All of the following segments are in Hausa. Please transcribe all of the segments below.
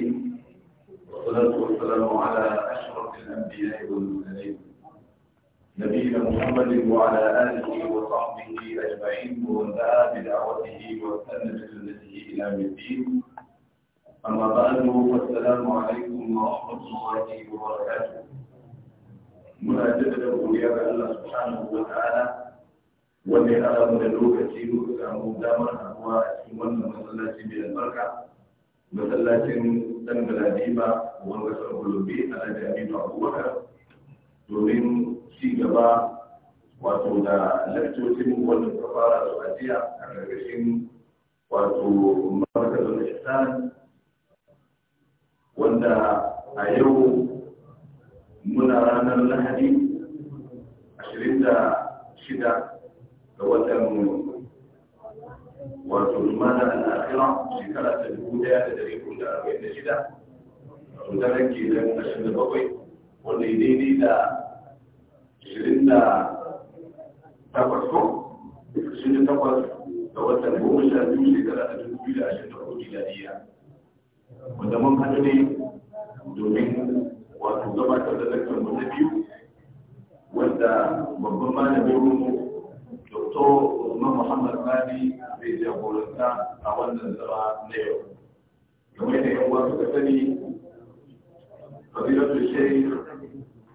الرحيم والصلاة والسلام على أشرف الأنبياء والمرسلين نبينا محمد وعلى آله وصحبه أجمعين ومن دعا بدعوته واستنى بسنته إلى يوم الدين أما بعد فالسلام عليكم ورحمة الله وبركاته مناسبة أولياء الله سبحانه وتعالى wanda ya ara mu da lokaci muka samu damar haɗuwa a masallacin dan galadima wanda sun gulubi alhaji aminu abubakar domin ci gaba wato da lakcocin wanda ta fara su ajiya a ƙarƙashin wato markazin shaitan wanda a yau muna ranar lahadi 26 ga watan wato limana al'akira shekara ta dubu daya da dari hudu da arba'in da shida to ta rage da ashirin da bakwai wanda ya daidai da ashirin da takwas ko ashirin da takwas ga watan goma sha biyu shekara ta dubu biyu da ashirin da hudu miladiya wanda mun haɗu ne domin wato gabatar da lakcin mu na biyu wanda babban malamin mu doktor domin muhammad sani zai jagoranta a wannan zama na yau game da yan wasu da sani fadilatu shai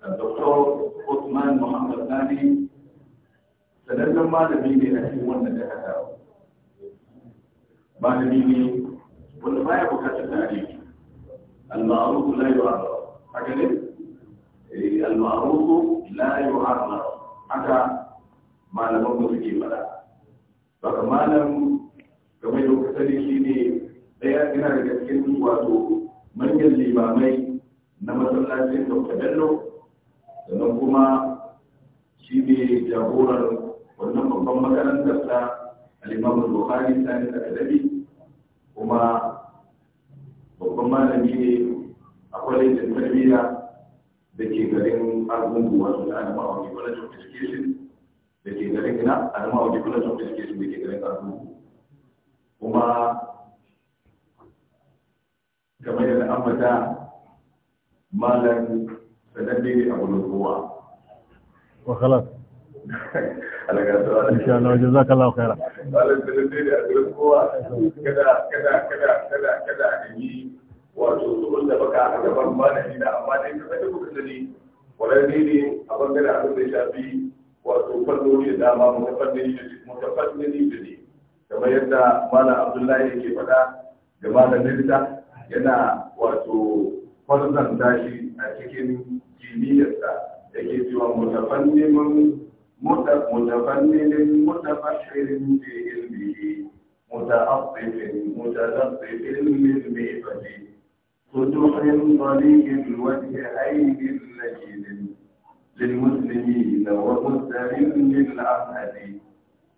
da doktor usman muhammad sani sanannen malami ne a cikin wannan da hada malami ne wanda baya bukatar tarihi al-ma'ruf la yu'arraf haka ne eh, al-ma'ruf la yu'arraf haka malaman mu suke fada Saka malam game da sani shi ne ɗaya yana daga cikin wato manyan limamai na masallacin Dr. Bello, sannan kuma shi ne jagoran wannan babban makarantar ta alimamu Buhari Sani Akademi kuma babban malami ne a kwalejin tarbiyya da ke garin argungu wato da ana ma'auni wani education da ke garin ina a zama wajen kula da suke su da ke garin karfu kuma kamar yadda an fata malam sananne ne a gudun kowa wakalar insha Allah wajen zaka Allah kaira malam sananne ne a gudun kowa kada kada kada kada kada a yi wato tsohon da baka a gaban malami na amma dai kasance kuka sani wadanda ne a bangaren abin da shafi wato fannoni da dama mutafaddini da ne kamar yadda malam abdullahi yake faɗa da malam nirta yana wato farzan shi a cikin kimiyyarsa da ke cewa mutafannimin mutafanninin mutafashirin fi ilmihi muta'affifin mutalaffifin min mifati tutuhin tariqil ke aydin layyin للمسلمين ومسلم للعهد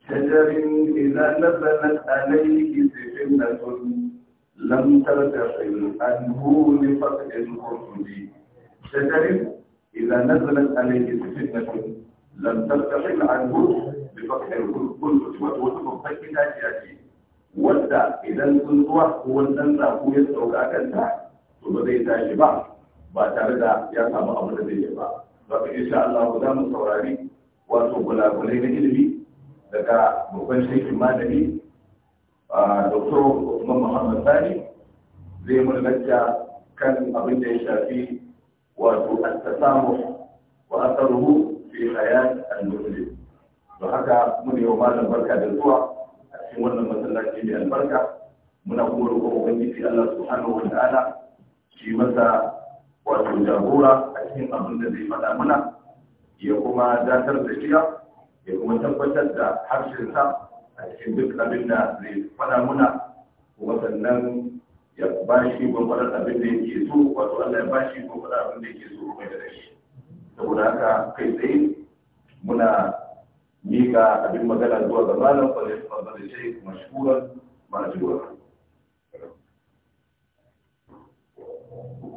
شجر إذا نزلت عليه سجنة لم ترتقل عنه لفتح الخطب شجر إذا نزلت عليه سجنة لم ترتقل عنه لفتح الخطب وتوقف فكنا جاتي ودع إذا الكنطوة هو الزنزة هو يسعوك أكثر ثم ذي تاجبا بعد ذلك يسعب أمر ذي baka isa Allah ku za mu saurari wato gulagulai na ilimi daga babban shekin malami Usman Muhammad Sani zai mun kan abin da ya shafi wato at-tasamu wa asaruhu fi hayat al-muslim don haka mun yi wa malam barka da zuwa a cikin wannan masallaci mai albarka muna kuma roƙon ubangiji Allah subhanahu wa ta'ala shi masa wato jagora a cikin abin da zai faɗa mana ya kuma datar da shiga ya kuma tabbatar da harshensa a cikin duk abin da zai faɗa muna kuma sannan ya ba shi gwagwarar abin da yake so wato Allah ya ba shi gwagwarar abin da yake so kuma da shi saboda haka kai tsaye muna miƙa abin magana zuwa ga malam fa ya fara da shi mashkuran ma'ajura Thank you.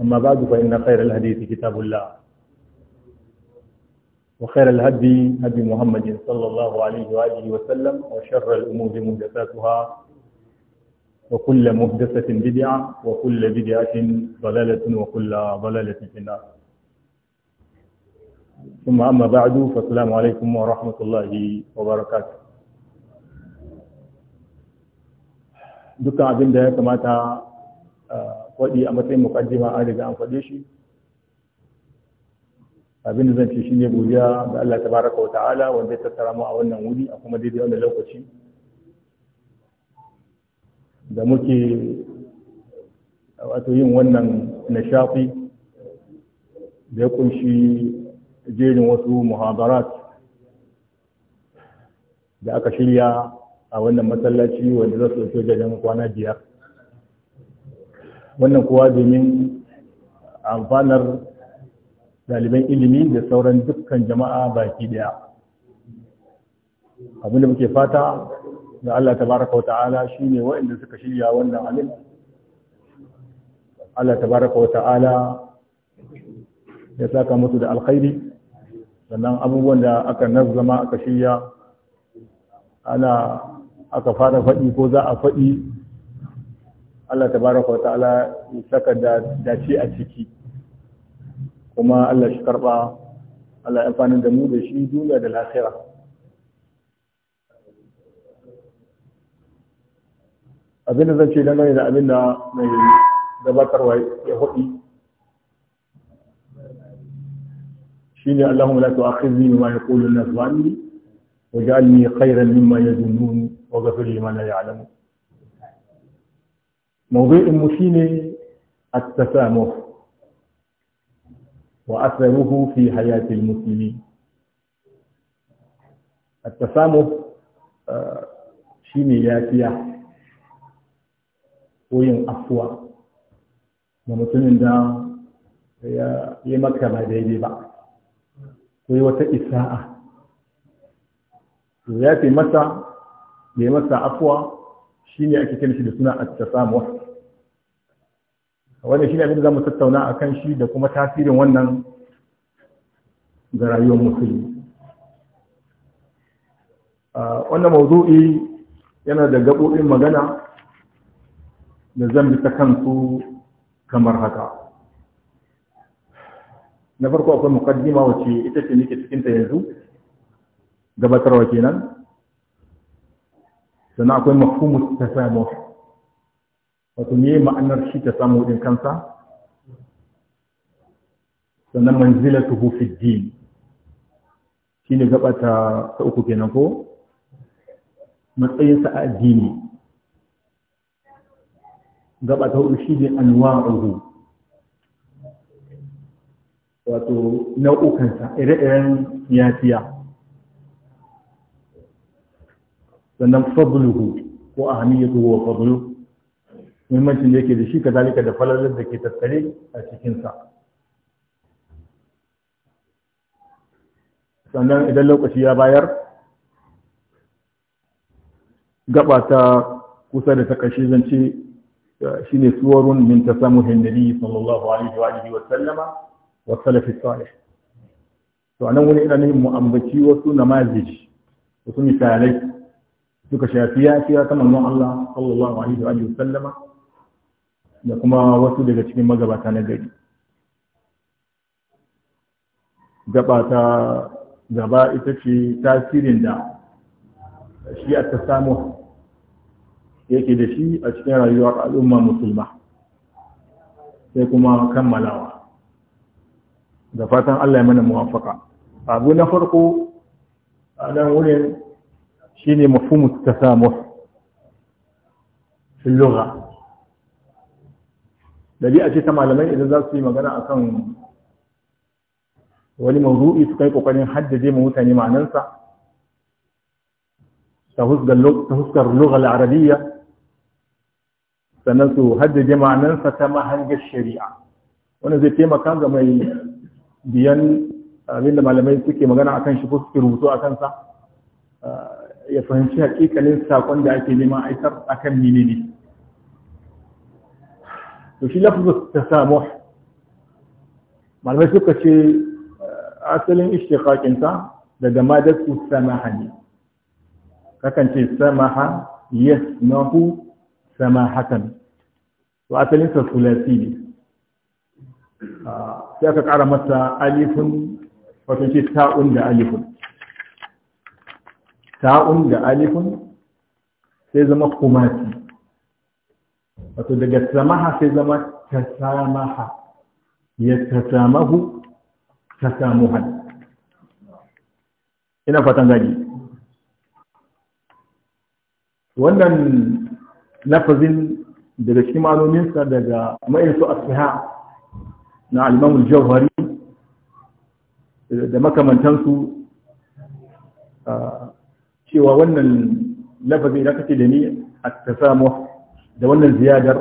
أما بعد فإن خير الحديث كتاب الله وخير الهدي هدي محمد صلى الله عليه وآله وسلم وشر الأمور محدثاتها وكل محدثة بدعة وكل بدعة ضلالة وكل ضلالة في النار ثم أما بعد فالسلام عليكم ورحمة الله وبركاته dukkan abin da ya kamata faɗi a matsayin mukaddima an riga an kwaɗe shi abinda zan ce shine godiya ga Allah tabaraka wa ta'ala wanda ya tattara mu a wannan wuri a kuma daidai wannan lokaci da muke wato yin wannan nishafi da ya kunshi jerin wasu muhadarat da aka shirya a wannan masallaci wanda za su ɗauke da kwana biyar wannan kuwa domin amfanar daliban ilimi da sauran dukkan jama'a baki daya abinda muke fata da Allah tabaraka ta'ala shi ne wa'inda suka shirya wannan abin Allah tabaraka ta'ala ya saka musu da alkhairi sannan abubuwan da aka nazzama aka shirya ana aka fara faɗi ko za a faɗi Allah tabaraka wa ta'ala ya saka dace a ciki kuma Allah shi karba Allah ya amfani da mu da shi duniya da lahira abinda zan ce dangane da abinda mai gabatarwa ya hudu shine Allahumma la tu'akhidhni bima yaqulu an-nas wa anni waj'alni khayran mimma yadhunnun waghfir mana ya alamu. mawdu'in mu shine at-tasamuh wa athruhu fi hayati al-muslimin at yafiya ko afuwa ga mutumin da ya yi maka ba daidai ba ko wata isa'a ya fi ya yi afuwa shi ne ake kira shi da suna at wannan ne abin da zamu tattauna akan shi da kuma tasirin wannan ga rayuwar musulmi wannan mawdu'i yana da gabobin magana da zan bi ta kansu kamar haka na farko akwai mukaddima wace ita ce nake cikin ta yanzu gabatarwa kenan sannan akwai mafhumu tasamuh wato me ma'anar shi ta samu din kansa sannan manzilatuhu fi din shine gaba ta uku kenan ko matsayinsa a addini gaba ta hudu shi ne anwa'uhu wato nau'ukansa ire-iren yafiya sannan fadluhu ko ahamiyatu wa fadluhu muhimmancin da yake da shi kazalika da falalar da ke tattare a cikinsa sannan idan lokaci ya bayar gaba ta kusa da ta zance eh, shi ne suwarun min ta samu hannari sallallahu alaihi wa alihi wa sallama wa salafi salih to anan wani ina ne mu ambaci wasu namazij wasu misalai suka shafi ya ta manzon Allah sallallahu alaihi wa alihi wa sallama da kuma wasu daga cikin magabata na gari gaba ta gaba ita ce tasirin da shi a ta samu yake da shi a cikin rayuwar al'umma musulma sai kuma kammalawa da fatan Allah ya mana muwafaka abu na farko a nan wurin shi ne mafumus ta samu shi dabi'a ce ta malamai idan za su yi magana a kan wani mawdu'i su kai kokarin haddace ma mutane ma'anansa ta huskar lughal arabiyya sannan su haddace ma'anansa ta mahangar shari'a wannan zai taimaka ga mai biyan abin da malamai suke magana akan shi ko suke rubutu akan sa ya fahimci hakikalin sakon da ake neman aikar akan menene ne to shi ta tasamuh malamai suka ce eh, asalin ishtiqaqin ta daga madatu samaha ne kakan ce samaha yasmahu samahatan to asalin sa sulasi ne ah, sai aka kara masa alifin wato ce ta'un da alifun ta'un da sai zama kumasi wato daga samaha sai zama tasamaha ya tasamahu tasamuhan ina fatan gani wannan lafazin daga cikin daga daga a asiha na alimamul jauhari da makamantansu ah, cewa wannan lafazin da kake da ni a tasamuha da wannan ziyadar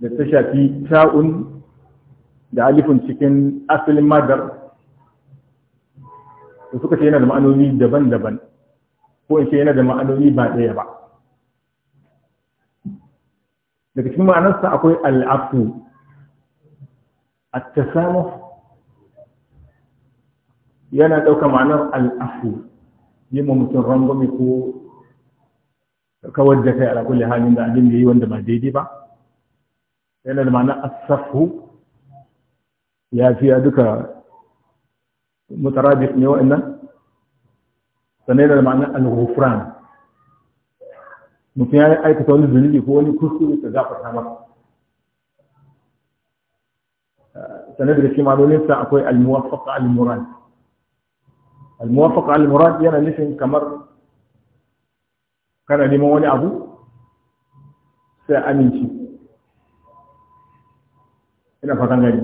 da ta shafi ta'un da alifin cikin asalin madar da suka ce yana da ma'anoni daban-daban ko in ce yana da ma'anoni ba ɗaya ba daga cikin ma'anarsa akwai al'afu at yana ɗauka ma'anar al'afu yi mutum rangwame ko kawar da kai ala kulli halin da abin da yi wanda ba daidai ba yana da ma'ana asafu ya fiya duka mutarabi ne wa'annan sannan yana da ma'ana al-ghufran mutum ya aikata wani zunubi ko wani kuskure ka gafarta masa sannan daga cikin ma'anonin sa akwai al-muwaffaqa al-murad al-muwaffaqa al-murad yana nufin kamar kana neman wani abu sai aminci ina fatan gani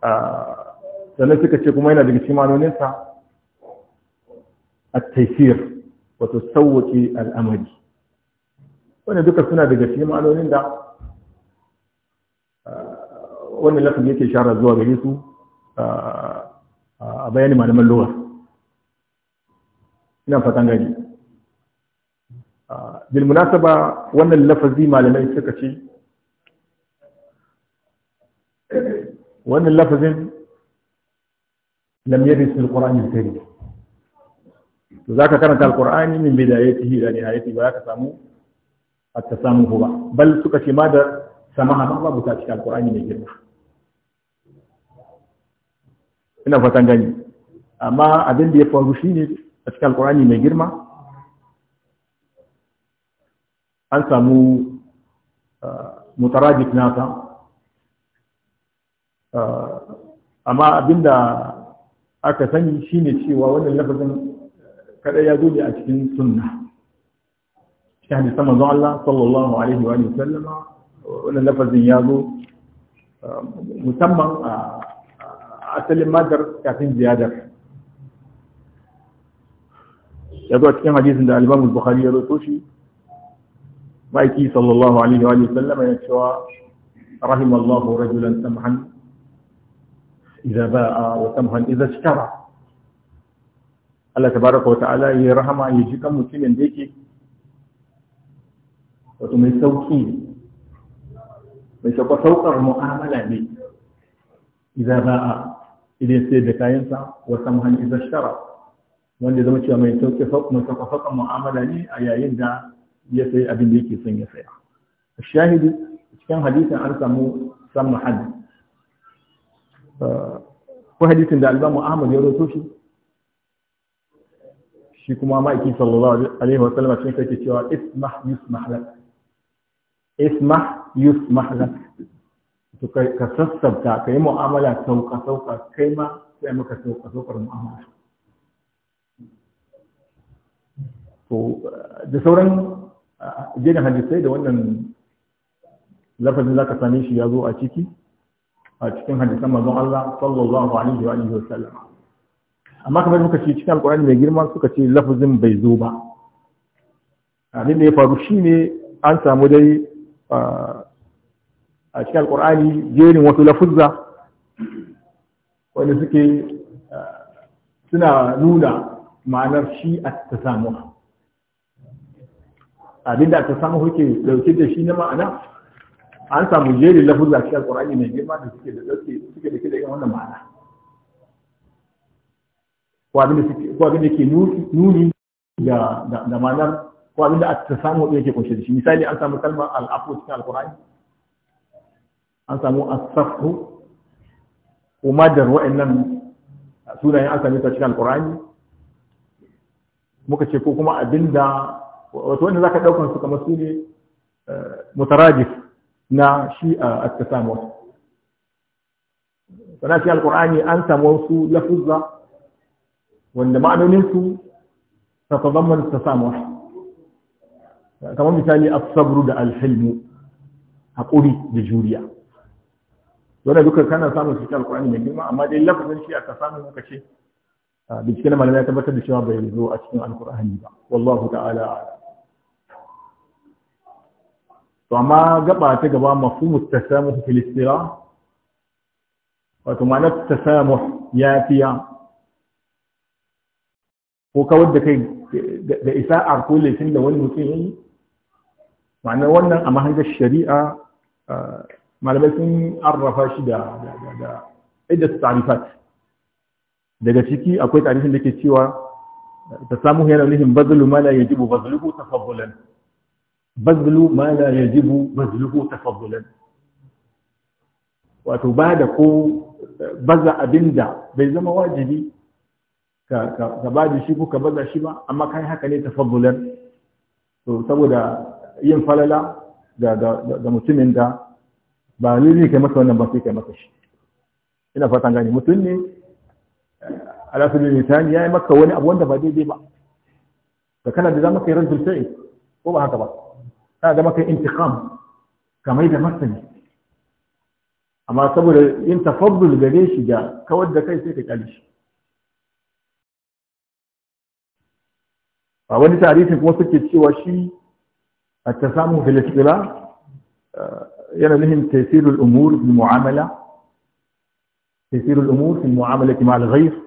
ah, sannan suka ce kuma yana daga cikin manoninsa a taifir wato sauwaƙe al'amari Wani duka suna daga cikin manonin da ah, wani lafi yake shara zuwa gari su ah, a bayanin malaman lura ina fatan gani bilmunasaba wannan lafazi malamai suka ce wannan lafazin lam yadis fil qur'ani karim to za ka karanta alqur'ani min bai da da ila nihayati ba za ka samu ta samu ba bal suka ce ma da samaha ma babu ta cikin alqur'ani mai girma ina fatan gani amma abin da ya faru shine a cikin alqur'ani mai girma an samu uh, mutarajik nasa uh, amma abinda aka sani shine cewa wannan lafazin kada ya zo ne a cikin sunna shahadi sama zuwa Allah sallallahu alaihi wa sallama wannan lafazin ya zo uh, musamman a asalin madar kafin ziyadar ya zo cikin hadisin da al-Imam Bukhari ya rawaito shi بايكي صلى الله عليه وآله وسلم يشوى رحم الله رجلا سمحا إذا باء وسمحا إذا اشترى الله تبارك وتعالى يرحم أن يجيك مسلم ديك وتم السوكي ويشوى سوق المعاملة دي إذا باء إذا سيد كاينسا وسمحا إذا اشترى wanda zama cewa mai sauke sauƙin sauƙin mu'amala ne a yayin da ya sayi abin da yake son ya saya shahidi cikin hadisin an samu san mahal uh, ko hadisin da albamu ahmad ya roto shi shi kuma ma'aikin sallallahu alaihi wa sallam cikin sai ke cewa ismah yusmah lak ismah yusmah lak to ka sassabta ka yi mu'amala sauka sauka kai ma sai maka sauka saukar mu'amala to da sauran gina hadisai da wannan lafazin zaka same shi ya zo a ciki a cikin hadisan manzon Allah sallallahu alaihi wa alihi wa sallam amma kamar muka ce cikin alqur'ani mai girma suka ce lafazin bai zo ba abin da ya faru shine an samu dai a cikin alqur'ani jerin wasu lafuzza wanda suke suna nuna ma'anar shi a tasamuwa abinda ta samu kuke dauke da shi na ma'ana an samu jerin lafuzza cikin alqur'ani mai girma da suke da dauke suke da kida wannan ma'ana ko abinda suke ko abinda ke nuni da da ma'anar ko abinda ta samu da yake kunshe da shi misali an samu kalmar al'afu cikin alqur'ani an samu as-safu kuma da nan sunayen an samu ta cikin alqur'ani muka ce ko kuma abinda wato wanda zaka daukan su kamar su ne eh, mutarajif na shi a tasamus Kana shi alqur'ani an samu su lafuzza wanda ma'anonin su tatadamman tasamus kamar misali as-sabru da al-hilmu haƙuri da juriya wanda duka kana samun shi alqur'ani mai girma amma dai lafazin shi aka samu muka ce na malamai ya tabbatar da cewa bai zo a cikin alqur'ani ba wallahu ta'ala to amma gaba ta gaba mafhumu tasamuh fil istira wato ma'anar tasamuh fiya ko kawar da kai da a ko laifin da wani mutum yayi ma'ana wannan a mahangar shari'a malamai sun arrafa shi da idda tarifat daga ciki akwai tarifin da ke cewa tasamuh yana nufin bazlu ma la yajibu bazluhu tafaddulan bazlu ma la yajibu bazluhu tafaddulan wato ba da ko baza abinda bai zama wajibi ka ka ba da shi ko ka baza shi ba amma kai haka ne tafaddulan to saboda yin falala ga mutumin da ba lili kai masa wannan ba sai kai masa shi ina fatan gani mutum ne ala sabilin ya yi maka wani abu wanda ba daidai ba da kana da za kai yi rajul وبها كبا هذا ما كان انتقام كما إذا مثلي أما تقول أنت فضل جريش جاء كود كيف تكاليش فأولي تعريف في موسيقى تشي وشي التسامح في الاشتلاع آه، يعني لهم تيسير الأمور في المعاملة تيسير الأمور في المعاملة مع الغير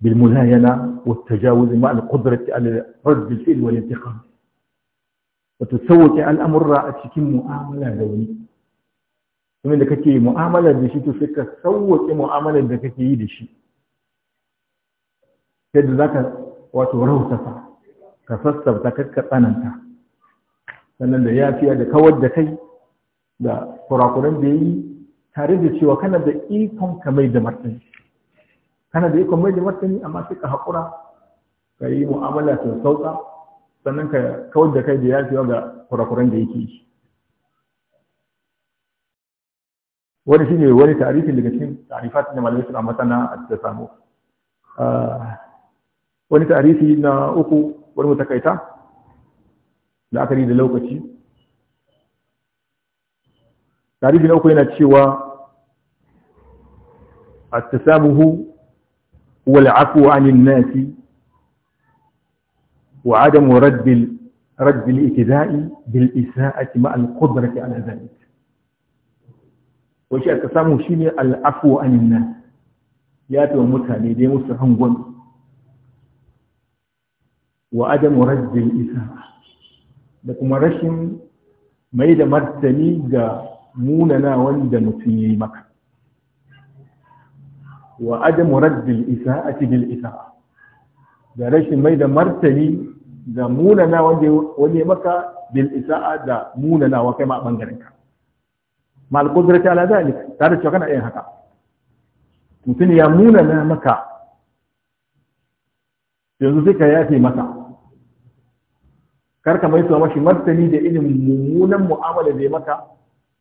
بالملاينة والتجاوز مع القدرة على رد الفئل والانتقام wato sauke al'amurra a cikin mu'amala da wani kuma da kake mu'amala da shi to sai ka sauke mu'amala da kake yi da shi sai da zaka wato rautasa ka sassauta kakka tsananta sannan da yafiya da kawar da kai da kurakuran da ya yi tare da cewa kana da ikon ka mai da martani kana da ikon mai da martani amma sai ka haƙura ka yi mu'amala sau sauka sannan ka kawar da kai da fiye ga kurakuran da yake yi wani shi ne wani tarifin daga cikin tarifat da malamai suna mata na cikin samu ah, wani tarifi na uku wani mutakaita da aka da lokaci tarifi na uku yana cewa a التسامح هو العفو عن nasi وعدم رد رد الاتباع بالإساءة مع القدرة على ذلك وشيء التسامح شيء العفو عن الناس يا تو متاني دي مسهم غن وعدم رد الإساءة لكم رشم ما إذا مرتني جا موننا وندا نتنيي مكة وعدم رد الإساءة بالإساءة ده رشم ما إذا مرتني da munana wanda wani maka bil isa'a da munana wa kai ma bangaren ka mal qudrati ala zalik tare cewa kana yin haka mutum ya munana maka yanzu sai ka yafe masa kar ka maisuwa mashi martani da irin mummunan mu'amala da ya maka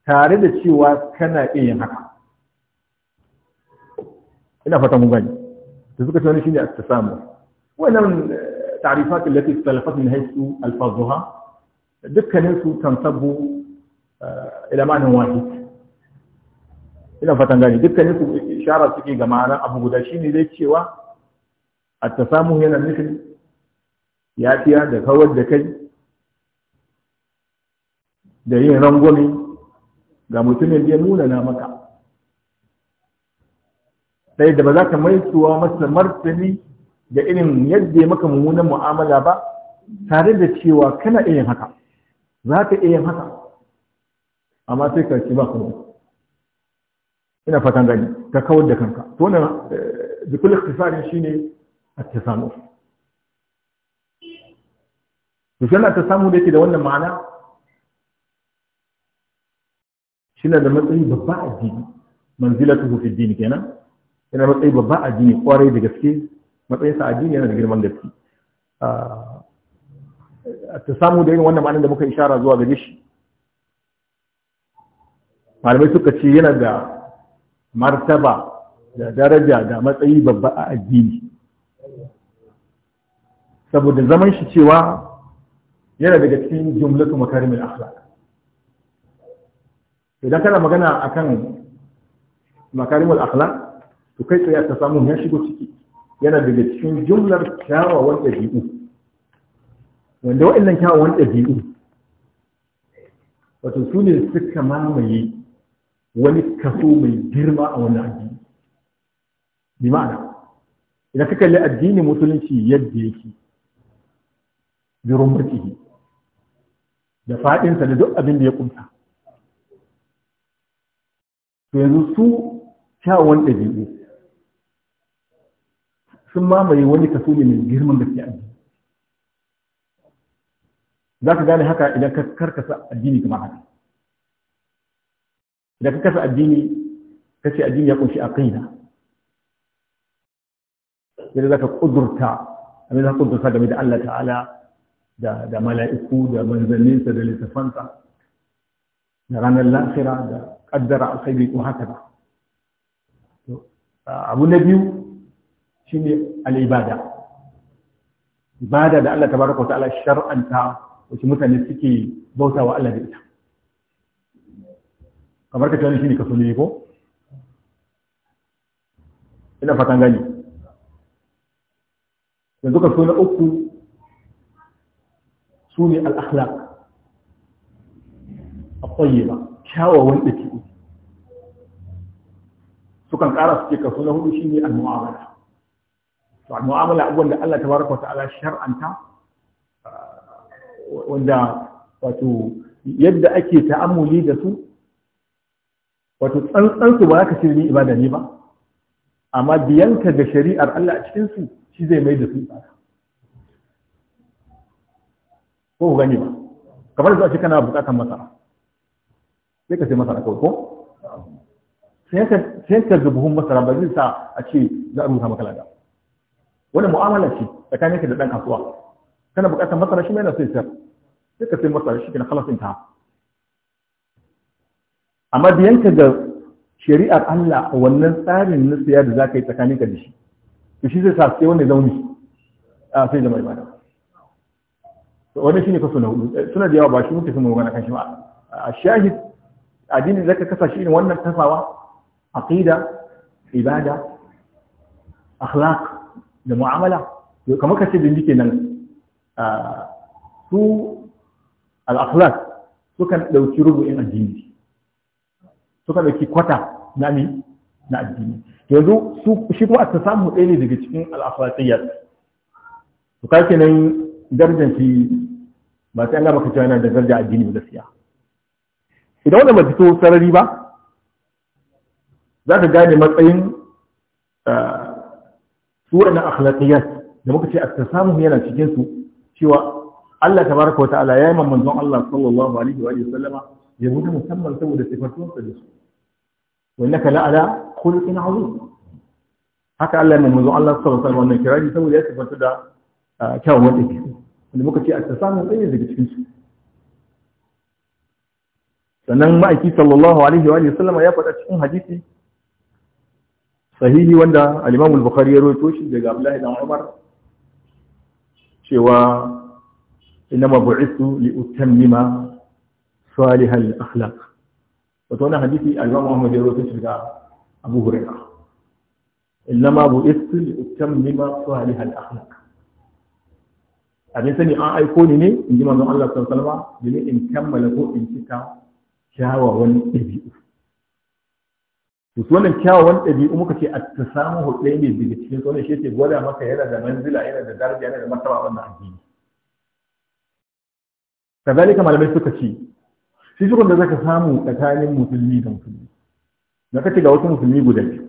tare da cewa kana iya yin haka ina fata mun gani da suka ce wani shine a samu wannan eh, التعريفات التي اختلفت من حيث ألفاظها دكنسو تنسب الى معنى واحد ina fatan gani dukkanin su isharar suke ga ma'ana abu guda shine dai cewa a ta samu yana nufin yafiya da kawar da kai da yin rangwami ga mutumin da ya nuna na maka sai da ba za ka mai tsuwa masa martani da irin yadda ya maka mummunan mu'amala ba tare da cewa kana iya haka za ka iya haka amma sai ka ce ba kuma ina fatan gani ka kawar da kanka to wannan eh, bikul ikhtisarin shine at-tasamu to shi at-tasamu da yake da wannan ma'ana shine da matsayi babba a jini manzilatu fi din kenan yana matsayi babba a jini kwarai da gaske matsayinsa addini yana da girman gaske ah, ta samu da yin wannan ma'anin da muka ishara zuwa gare shi malamai suka ce yana da martaba da daraja da matsayi babba a addini saboda zaman shi cewa yana daga cikin jumlatu makarimin akhlaq idan kana magana akan makarimul akhlaq to kai tsaye ka samu ya shigo ciki yana daga cikin jumlar kyawawan ɗabi'u wanda waɗannan kyawawan ɗabi'u wato su ne suka mamaye wani kaso mai girma a wani addini bi ma'ana idan ka kalli addini musulunci yadda yake bi rumurtihi da faɗinsa da duk abin da ya kunsa to yanzu su kyawawan ɗabi'u sun mamaye wani kaso ne mai girman gaske a jiki za ka gane haka idan ka karkasa addini kamar haka idan ka karkasa addini ka ce addini ya kunshi a kaina yadda za ka kudurta abin za ka kudurta game da Allah ta'ala da da mala'iku da manzanninsa da littafansa da ranar lafira da kaddara alkhairi ko haka ba abu na biyu shine al-ibada ibada da Allah Ta wa ta'ala shar'anta wace mutane suke bautawa Allah da ita kamar ka tani shine kaso ne ko ina fatan gani yanzu kaso na uku sune al-akhlaq at-tayyiba kyawawan dabi'u sukan ƙara suke kaso na hudu ne al-mu'amala to mu'amala abubuwan da Allah tabaraka wa ta'ala shar'anta uh, wanda wato yadda ake ta'amuli da su wato tsantsan su ba ka ce ni ibada ne ba amma biyanka da shari'ar Allah a cikin su shi zai mai da su ibada ko ku gani ba kamar da ake kana bukatan masara sai ka sai masara kawai ko sai ka sai ka zubuhun masara ba zai sa a ce za a rusa maka lada wani mu'amala ce tsakanin ka da dan kasuwa kana buƙatar masara shi mai na sai sayar sai ka sai masara shi kenan khalasin ta amma biyan ka ga shari'ar Allah a wannan tsarin na siya da zaka yi tsakanin ka da shi to shi zai sa sai wanda zauni a sai zama ibada wannan shine kaso na hudu eh, suna da yawa ba shi muke son magana kan shi ba a shahid addini zaka kasa shi irin wannan tasawa aqida ibada akhlaq da mu'amala kamar ka ce da nike nan su al'akhlaq sukan ɗauki rubu'in addini sukan ɗauki kwata na ni na addini yanzu shi kuma ta samu ɗaya ne daga cikin al'akhlaqiyar to kai kenan darajar shi ba sai an gama da darajar addini ba gaskiya idan wanda ba fito sarari ba za ka gane matsayin su wa'annan akhlaqiyat da muka ce at-tasamuh yana cikin su cewa Allah tabaraka wa ta'ala ya yi manzon Allah sallallahu alaihi wa sallama ya wuce musamman saboda sifatuwar sa da su wa innaka la'ala khuluqin 'azim haka Allah ya manzon Allah sallallahu alaihi wa sallam wannan kirari saboda ya sifatu da ah, kyawun wanda ke wanda muka ce at-tasamuh ɗaya daga cikin su sannan ma'aiki sallallahu alaihi wa sallama ya faɗa cikin hadisi sahihi wanda al-Imam al-Bukhari ya rawaito shi daga Abdullah ibn Umar cewa ma bu'ithu li utammima salihal akhlaq wato wannan hadisi al-Imam Muhammad ya rawaito shi daga Abu Hurairah ma bu'ithu li utammima salihal akhlaq abin sani an aiko ni ne in ji manzon Allah sallallahu alaihi wasallam in kammala ko in cika kyawawan ɗabi'u to su wannan kyawawan ɗabi'u muka ce a ta samu hulɗe ne daga cikin sauran shi ke gwada maka yana da manzila yana da daraja yana da martaba wannan addini kazalika malamai suka ce shi shi da zaka samu tsakanin musulmi da musulmi na kace ga wasu musulmi guda biyu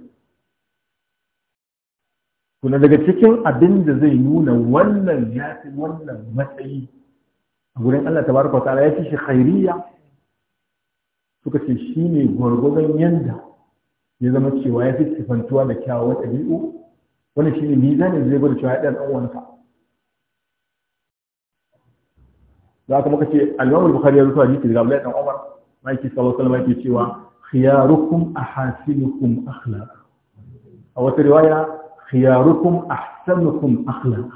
kuna daga cikin abin da zai nuna wannan ya fi wannan matsayi a gurin Allah tabaraka ta'ala ya fi shi khairiyya suka ce shine gwargwadon yanda ya zama cewa ya fi sifantuwa da kyawawan ɗabi'u Wani shi ne mizanin da zai gwada cewa ya ɗan ɗan za ka muka ce al bukari Bukhari ya zuwa jikin daga Abdullahi dan Umar Maiki sallallahu alaihi wa cewa khiyarukum ahasinukum akhlaq a wata riwaya khiyarukum ahsanukum akhlaq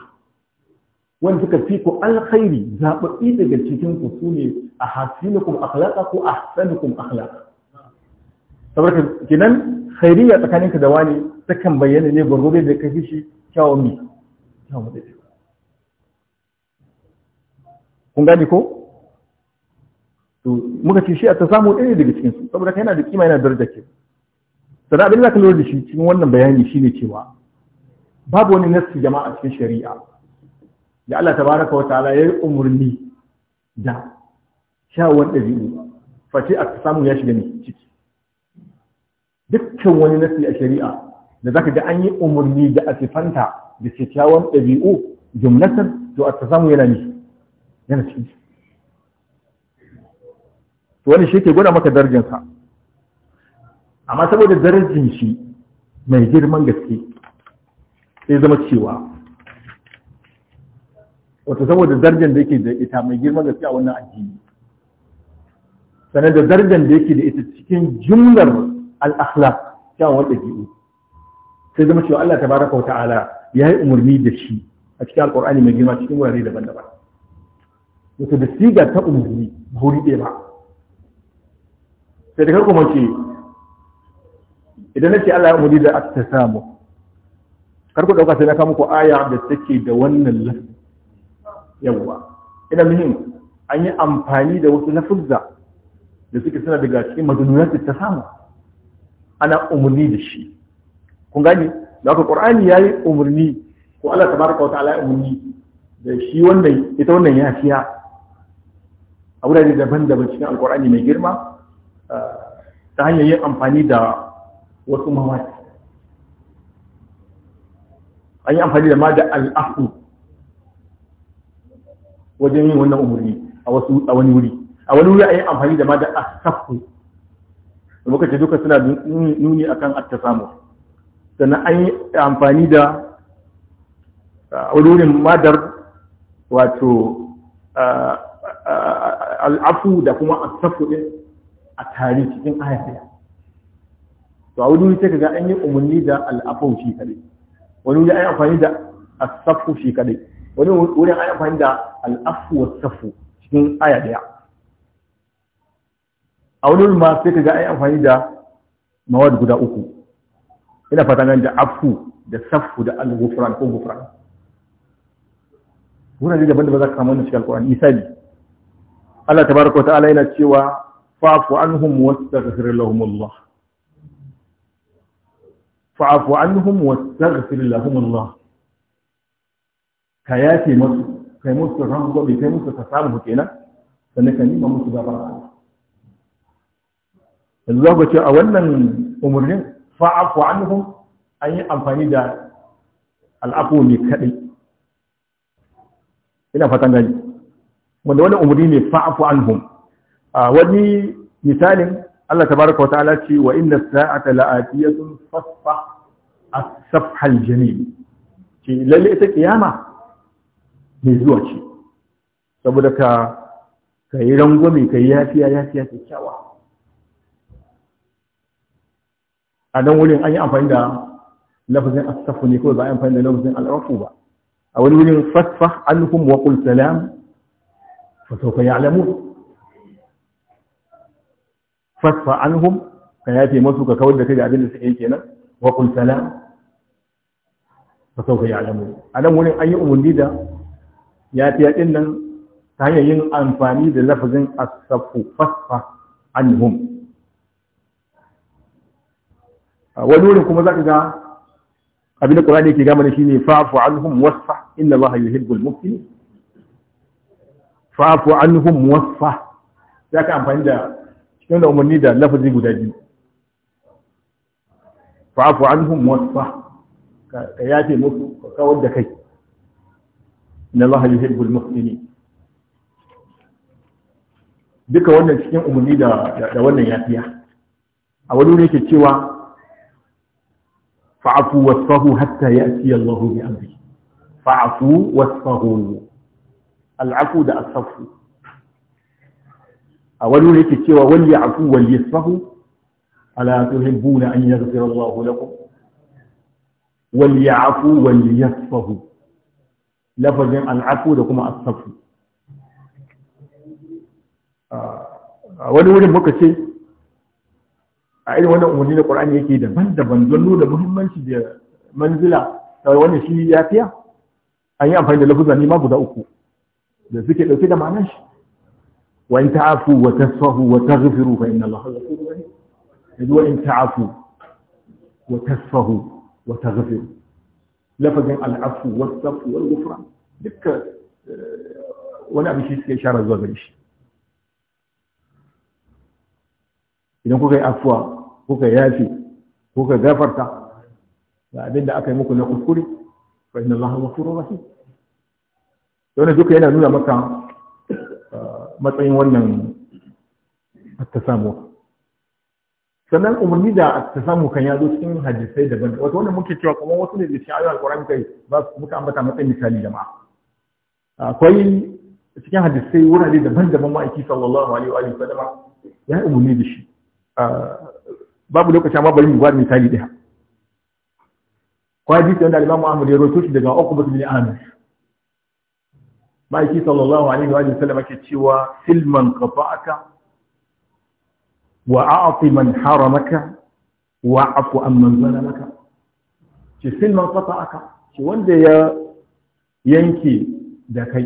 wanda suka fi ku alkhairi zaɓaɓɓi daga cikin ku su ne ahasinukum akhlaq ko ahsanukum akhlaq saboda kenan khairiyya tsakaninka da wani takan bayyana ne gurgurbe da kafi shi kyawun mi kyawun da kun gani ko to muka ce shi a ta samu ɗaya daga cikin su saboda yana da kima yana da daraja ke sannan abin da ka lura da shi cikin wannan bayani shine cewa babu wani nassi jama'a cikin shari'a da Allah tabaraka wa ta'ala ya yi umarni da shawon ɗabi'u face a samu ya shiga ne dukkan wani nasi a shari'a da zaka ga an yi umarni da a sifanta da kyakkyawan ɗabi'u jumlatan to a samu yana ne yana cikin to wani shi ke gwada maka darajinsa amma saboda darajin shi mai girman gaske sai zama cewa wato saboda darajin da yake da ita mai girman gaske a wannan addini sanar da darajin da yake da ita cikin jumlar al-akhlaq kyawun ɗabi'u sai zama cewa Allah tabaraka wa ta'ala ya yi umarni da shi a cikin alƙur'ani mai girma cikin wurare daban-daban Wata da siga ta umarni hori ɗaya ba sai da karko mace idan nake Allah ya umarni da aka samu karko ɗauka sai na kama ko aya da take da wannan lafi yawwa ina muhim an yi amfani da wasu lafuzza da suke suna daga cikin madununan ta samu ana umarni da shi kun gani da haka qur'ani yayi umarni ko Allah tabaraka wata ta'ala umarni da shi wannan ita wannan ya fiya. a wurare daban-daban cikin alqur'ani mai girma ah, ta hanyar yin amfani da wasu mawaki an yi amfani da ma da al'afu wajen yin wannan umarni a wasu a wani wuri a wani wuri an yi amfani da ma da asafu muka ce duka suna nuni akan attasamu sannan an yi amfani da uh, wurin madar wato uh, al'afu da kuma asafu din a tari cikin ayataya to a wuri sai ga an yi umarni da al'afu shi kadai wani wuri an yi amfani da asafu shi kadai wani wuri an yi amfani da al'afu wasafu cikin aya daya a wani ma sai ka ga ai amfani da mawad guda uku ina fata nan da afu da safu da al-ghufran ko ghufran wurare daban da ba za ka samu wannan cikin alkur'ani misali Allah tabaraka wa ta'ala yana cewa fa'fu anhum wastaghfir lahum Allah fa'fu anhum wastaghfir lahum Allah ka yafe musu kai musu rango bai kai musu ka samu kenan sannan ka nima musu gafara yanzu za ku ce a wannan umarnin fa'afu anhum an yi amfani da al'afu ne kadai ina fatan gani wanda wannan umarni ne fa'afu anhum a wani misalin Allah tabaraka wata ala ce wa inna sa'ata la'atiyatun fasfa a safha al ce lalle ita kiyama mai zuwa ce saboda ka kai rangwame kai yafiya yafiya kyakkyawa a dan wurin an yi amfani da lafazin asafu ne kawai ba a amfani da lafazin al'afu ba a wani wurin fasfa anhum wa qul salam fa sawfa ya'lamu fasfa anhum ka yafe masu ka kawar da kai da abin da suke yi kenan wa qul salam fa sawfa ya'lamu a dan wurin an yi umundi da ya yafiya din nan ta hanyar yin amfani da lafazin asafu fasfa anhum wani wurin kuma ka ga abin da Qur'ani ke gama shine fa'fu anhum wasfa mafi ne. yuhibbul an fa'fu anhum wasfa ka amfani da cikin da umarni da lafazi guda biyu fa'fu hun wasfa ka yafe musu ka kawar da kai yi hirgul mafi ne. duka wannan cikin umarni da wannan yafiya a wani ne ke cewa فاعفوا وصفه حتى يأتي الله بأمره فاعفوا وصفه العفو ده الصفو أولون يكي تيوى وليعفو وليصفه ألا تحبون أن يغفر الله لكم وليعفو وليصفه لفظ العفو لكم كما الصفو أولون يكي a irin wannan umarni da qur'ani yake daban-daban don nuna muhimmanci da manzila Ta wani shi ya fiya an yi amfani da lafuzan nima guda uku da suke dauke da ma'anar shi wa in ta'afu wa tasfahu wa taghfiru fa inna allaha ghafurur rahim yanzu in ta'afu wa tasfahu wa taghfiru lafazin al'afu wa safu wal ghufran dukkan eh, wani abin shi suke shara zuwa gare shi idan kuka yi afuwa kuka yafi kuka gafarta ga abin da aka yi muku na kuskure fa inna allaha ghafurur rahim ne duka yana nuna maka ah, matsayin wannan attasamu sannan umarni da attasamu kan ya zo cikin hadisai daban wato wannan muke cewa kuma wasu ne da shi ayoyin alqur'ani kai ba muka ambata matsayin misali jama'a akwai cikin hadisai wurare daban-daban ma'aiki sallallahu alaihi wa sallama ya yi umarni da shi ah, babu lokaci amma bari mu bada misali daya ko hadisi wanda Imam Ahmad ya rawaito shi daga Uqbah bin Amir ma'aiki sallallahu alaihi wa sallam yake cewa silman qafaka wa a'ti man haramaka wa afu amman zalamaka ce silman qafaka ce wanda ya yanke da kai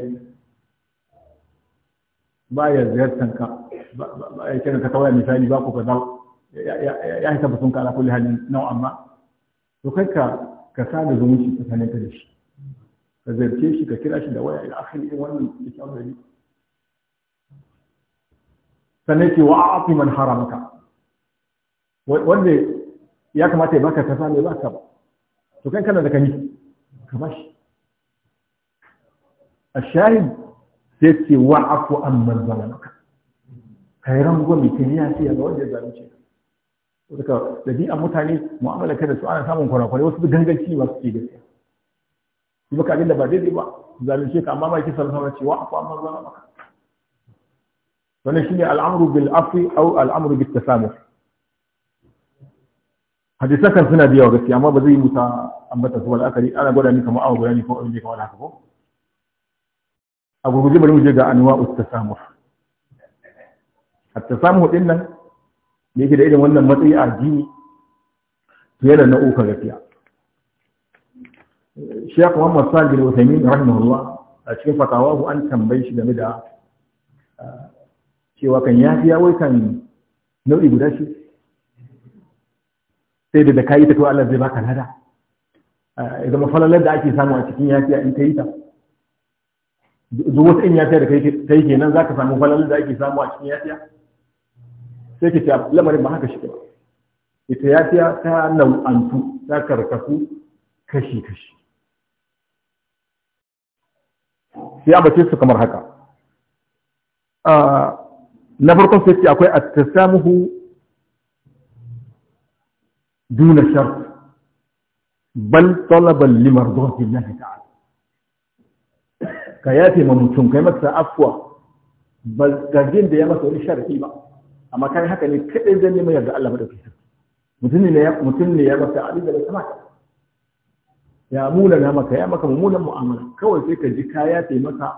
ba ya ziyartar ka ba ya kira ka tawaya misali ba ku kaza ya yi tabbatun ka ala hali nau amma to kai ka ka sada zumunci sanin ka da shi ka zarce shi ka kira shi da waya ila akhiri irin wannan da ke aure sannan ce wa a'afi man haramaka wanda ya kamata ya baka ka same baka ba to kai kana da kani ka bashi الشاهد sai ce wa afu an manzalamaka kai rangon mutum ya ce ya ga wanda zalunce Daga a mutane mu'amala da su ana samun kwanakwanai wasu ganganci ba su ke da Su baka abin da ba daidai ba zalunce ka amma ba ki san sama cewa akwai amma zama maka. Wannan ne al'amuru bil afi au al'amuru bil tasamu Hadisa kan suna da yawa gaskiya amma ba zai yi musa ambata su wala akari ana gwada ni kamar awa gwada ni ko abin da ka wala ko. A gurguje bari mu je ga anwa'ut tasamuh. At-tasamuh din nan da yake da irin wannan matsayi a addini fiye da uka gafiya Sheikh Muhammad Salih al rahimu ruwa a cikin ku an tambayi shi game da cewa kan yafiya wai kan nau'i guda shi sai da da yi ta to Allah zai baka nada idan mafalalar da ake samu a cikin yafiya in yi ta zuwa wata in yafiya da nan kenan ka samu falalar da ake samu a cikin yafiya sai ki ta lamarin ba haka shi ba ita yafiya ta nau'antu ta karkasu kashi kashi sai abace su kamar haka na farkon sai ce akwai at-tasamuhu duna shart bal talaban limardati Allah ta'ala ka yafe ma mutum kai masa afwa ba gajin da ya masa wani sharfi ba amma kai haka ne kadai zan nemi yarda Allah madaukakin sarki mutum ne ya mutum ne ya masa abin da bai kamata ya mula na maka ya maka mummunan mu'amala kawai sai ka ji kaya ta maka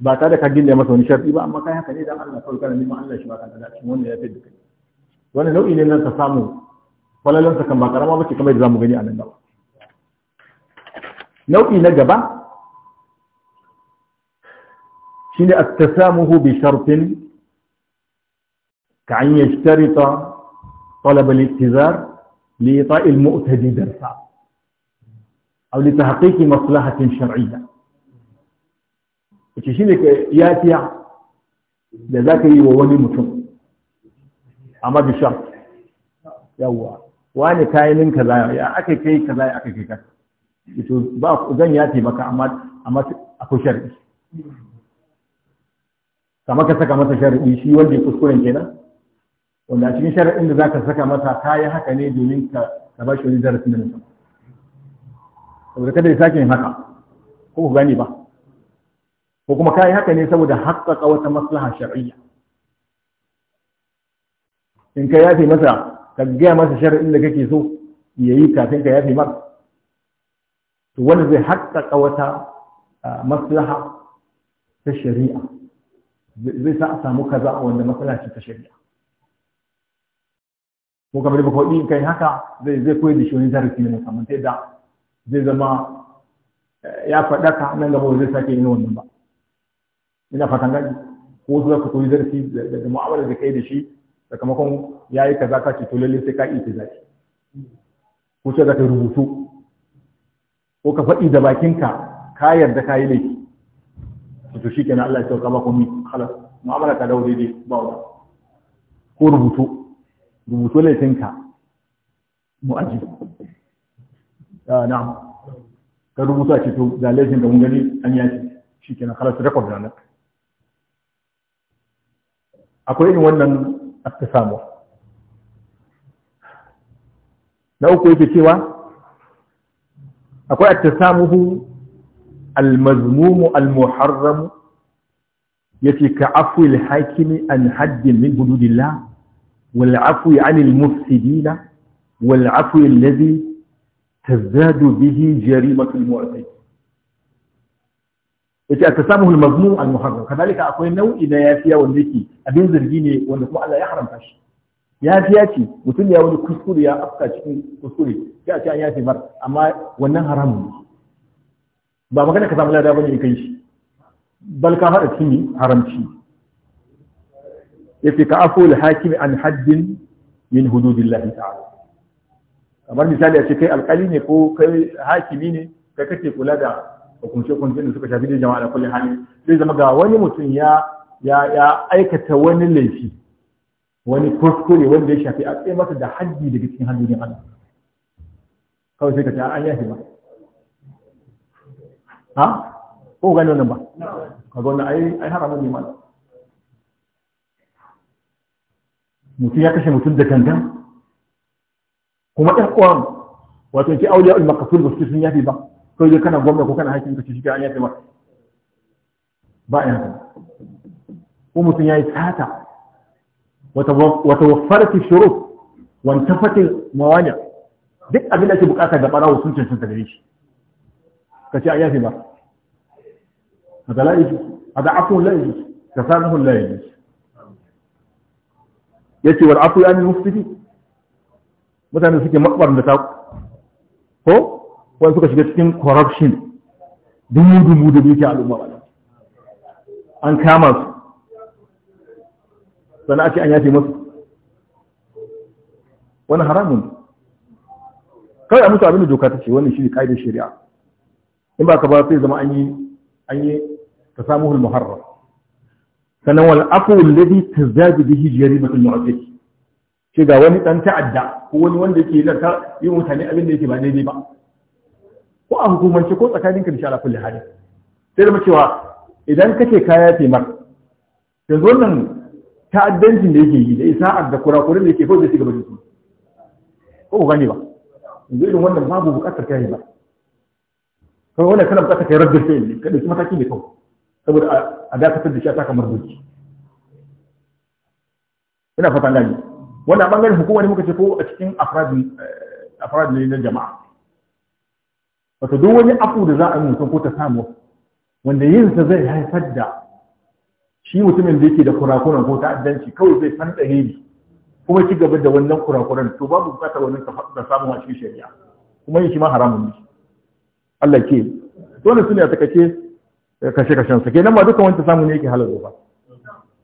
ba tare da ka gina masa wani sharɗi ba amma kai haka ne dan Allah kawai kana neman Allah shi ba ka da shi wannan ya fi duka wannan nau'i ne nan ka samu falalan sa kan ba karama bace kamar za mu gani a nan gaba nau'i na gaba shine at-tasamuhu bi shartin كأن يشترط طلب الاعتذار لإطاء المؤتدي درسا أو لتحقيق مصلحة شرعية تشينك ياتي لذاك يوولي متن أما بشرط يوا وأنا كاين كذا يا أكي كي كذا يا أكي كذا يتو باف إذن ياتي بك أما أكو شرعي كما كسا كما تشرعي شي ولدي كسكورين كينا wanda a cikin sharaɗin da za ka saka masa ka yi haka ne domin ka ba shi wani darasin da musamman saboda kada ya sake yin haka ko ku gane ba ko kuma ka yi haka ne saboda haƙƙaƙa wata maslaha shar'iyya in ka yafe masa ka gaya masa sharaɗin da kake so ya yi kafin ka yafe masa to wanda zai haƙƙaƙa wata maslaha ta shari'a zai sa a samu kaza wanda maslaha ce ta shari'a ko kamar da in kai haka zai zai koyi da shi wani zarafi ne musamman ta yadda zai zama eh, ya faɗaka nan gaba zai sake yin wannan ba ina fatan gaji ko za ka koyi zarafi da mu'amala da kai da shi sakamakon ya yi kaza ka ce to lalle sai ka iya zaki ko ce ka rubutu ko ka faɗi da bakinka ka yarda ka yi laifi to shi kenan Allah ya sauka ba mi halas mu'amala ka dawo daidai ba wa ko rubutu rubuto laifinka mu'aji ah, na ka rubuta a cikin da laifin da mun gani an yaki shi ke na halatta rekod da nan akwai irin wannan aka samu na uku yake cewa akwai aka samuhu almazmumu almuharramu yace ka afwil hakimi an haddin min hududillah والعفو عن المفسدين والعفو الذي تزداد به جريمة المعتد yace atasamuhu almazmum almuharram kadalika akwai nau'i na yafiya wanda yake abin zargi ne wanda kuma Allah ya haramta shi yafiya ce mutum ya wani kuskure ya afka cikin kuskure sai a ce an yafi bar amma wannan haramun ba magana ka samu lada bane kai shi bal ka fada cikin haramci Yafi ka afu al-hakim an haddin min hududillahi ta'ala kamar misali a ce kai alkali ne ko kai hakimi ne kai kake kula da hukunce hukuncin da suka shafi da jama'a da kulli hali zai zama ga wani mutum ya ya ya aikata wani laifi wani kuskure wanda ya shafi a tsaye masa da haddi daga cikin haddodin Allah kawai sai ka ce an yafe ba ha ko gane wannan ba kaga wannan ai ai haramun ne malam mutum ya kashe mutum da gangan kuma ɗan uwan wato yake aure ul ulmaka ba gaske sun yafi ba kai dai kana gwamna ko kana hakin ka ci shiga an yafi ba ba a yanzu ko mutum ya yi tata wata wafarki shuru wanta fatin mawanya duk abin da ake bukata da barawo sun cancanta da shi ka ce an yafi ba a da la'izu a ga afun la'izu ka samun Ya ce wal afu anil mufsidi mutane suke makbar da ta ko wani suka shiga cikin corruption dumu dumu da duke al'umma ba an kama su sannan ake an yafe masu. wani haramun kawai a mutu abin da doka ta ce wani shiri ne ƙa'idar shari'a in ba ka ba sai zama an yi an yi ta samu hul muharram sannan wal afu alladhi tazadu bihi jarimatul mu'addid ce ga wani ɗan ta'adda ko wani wanda ke yake lanta yi mutane abin da yake ba daidai ba ko a hukumance ko tsakaninka da shara kulli hali sai da cewa idan kace kaya ce maka yanzu wannan ta'addancin da yake yi da isa'ar da kurakurin da yake kawai zai gaba da su ko ku gane ba yanzu irin wannan babu bukatar kai ba kawai wannan kana bukatar kai rabbi sai ne ka dauki mataki ne kawai saboda a dakatar da shi a kamar doki ina fata gani wannan bangaren hukuma ne muka ce ko a cikin afrad eh, ne na jama'a wato duk wani abu da za a yi mutum ko ta samu wanda yin sa zai haifar da shi mutumin da yake da kurakuran ko ta'addanci kawai zai san da ne kuma ci gaba da wannan kurakuran to babu bukatar wannan ka samu a cikin shari'a kuma yin shi ma haramun ne Allah ke to wannan ne a kace kashe kashen sa kenan ba duka wanda samu ne yake halalo ba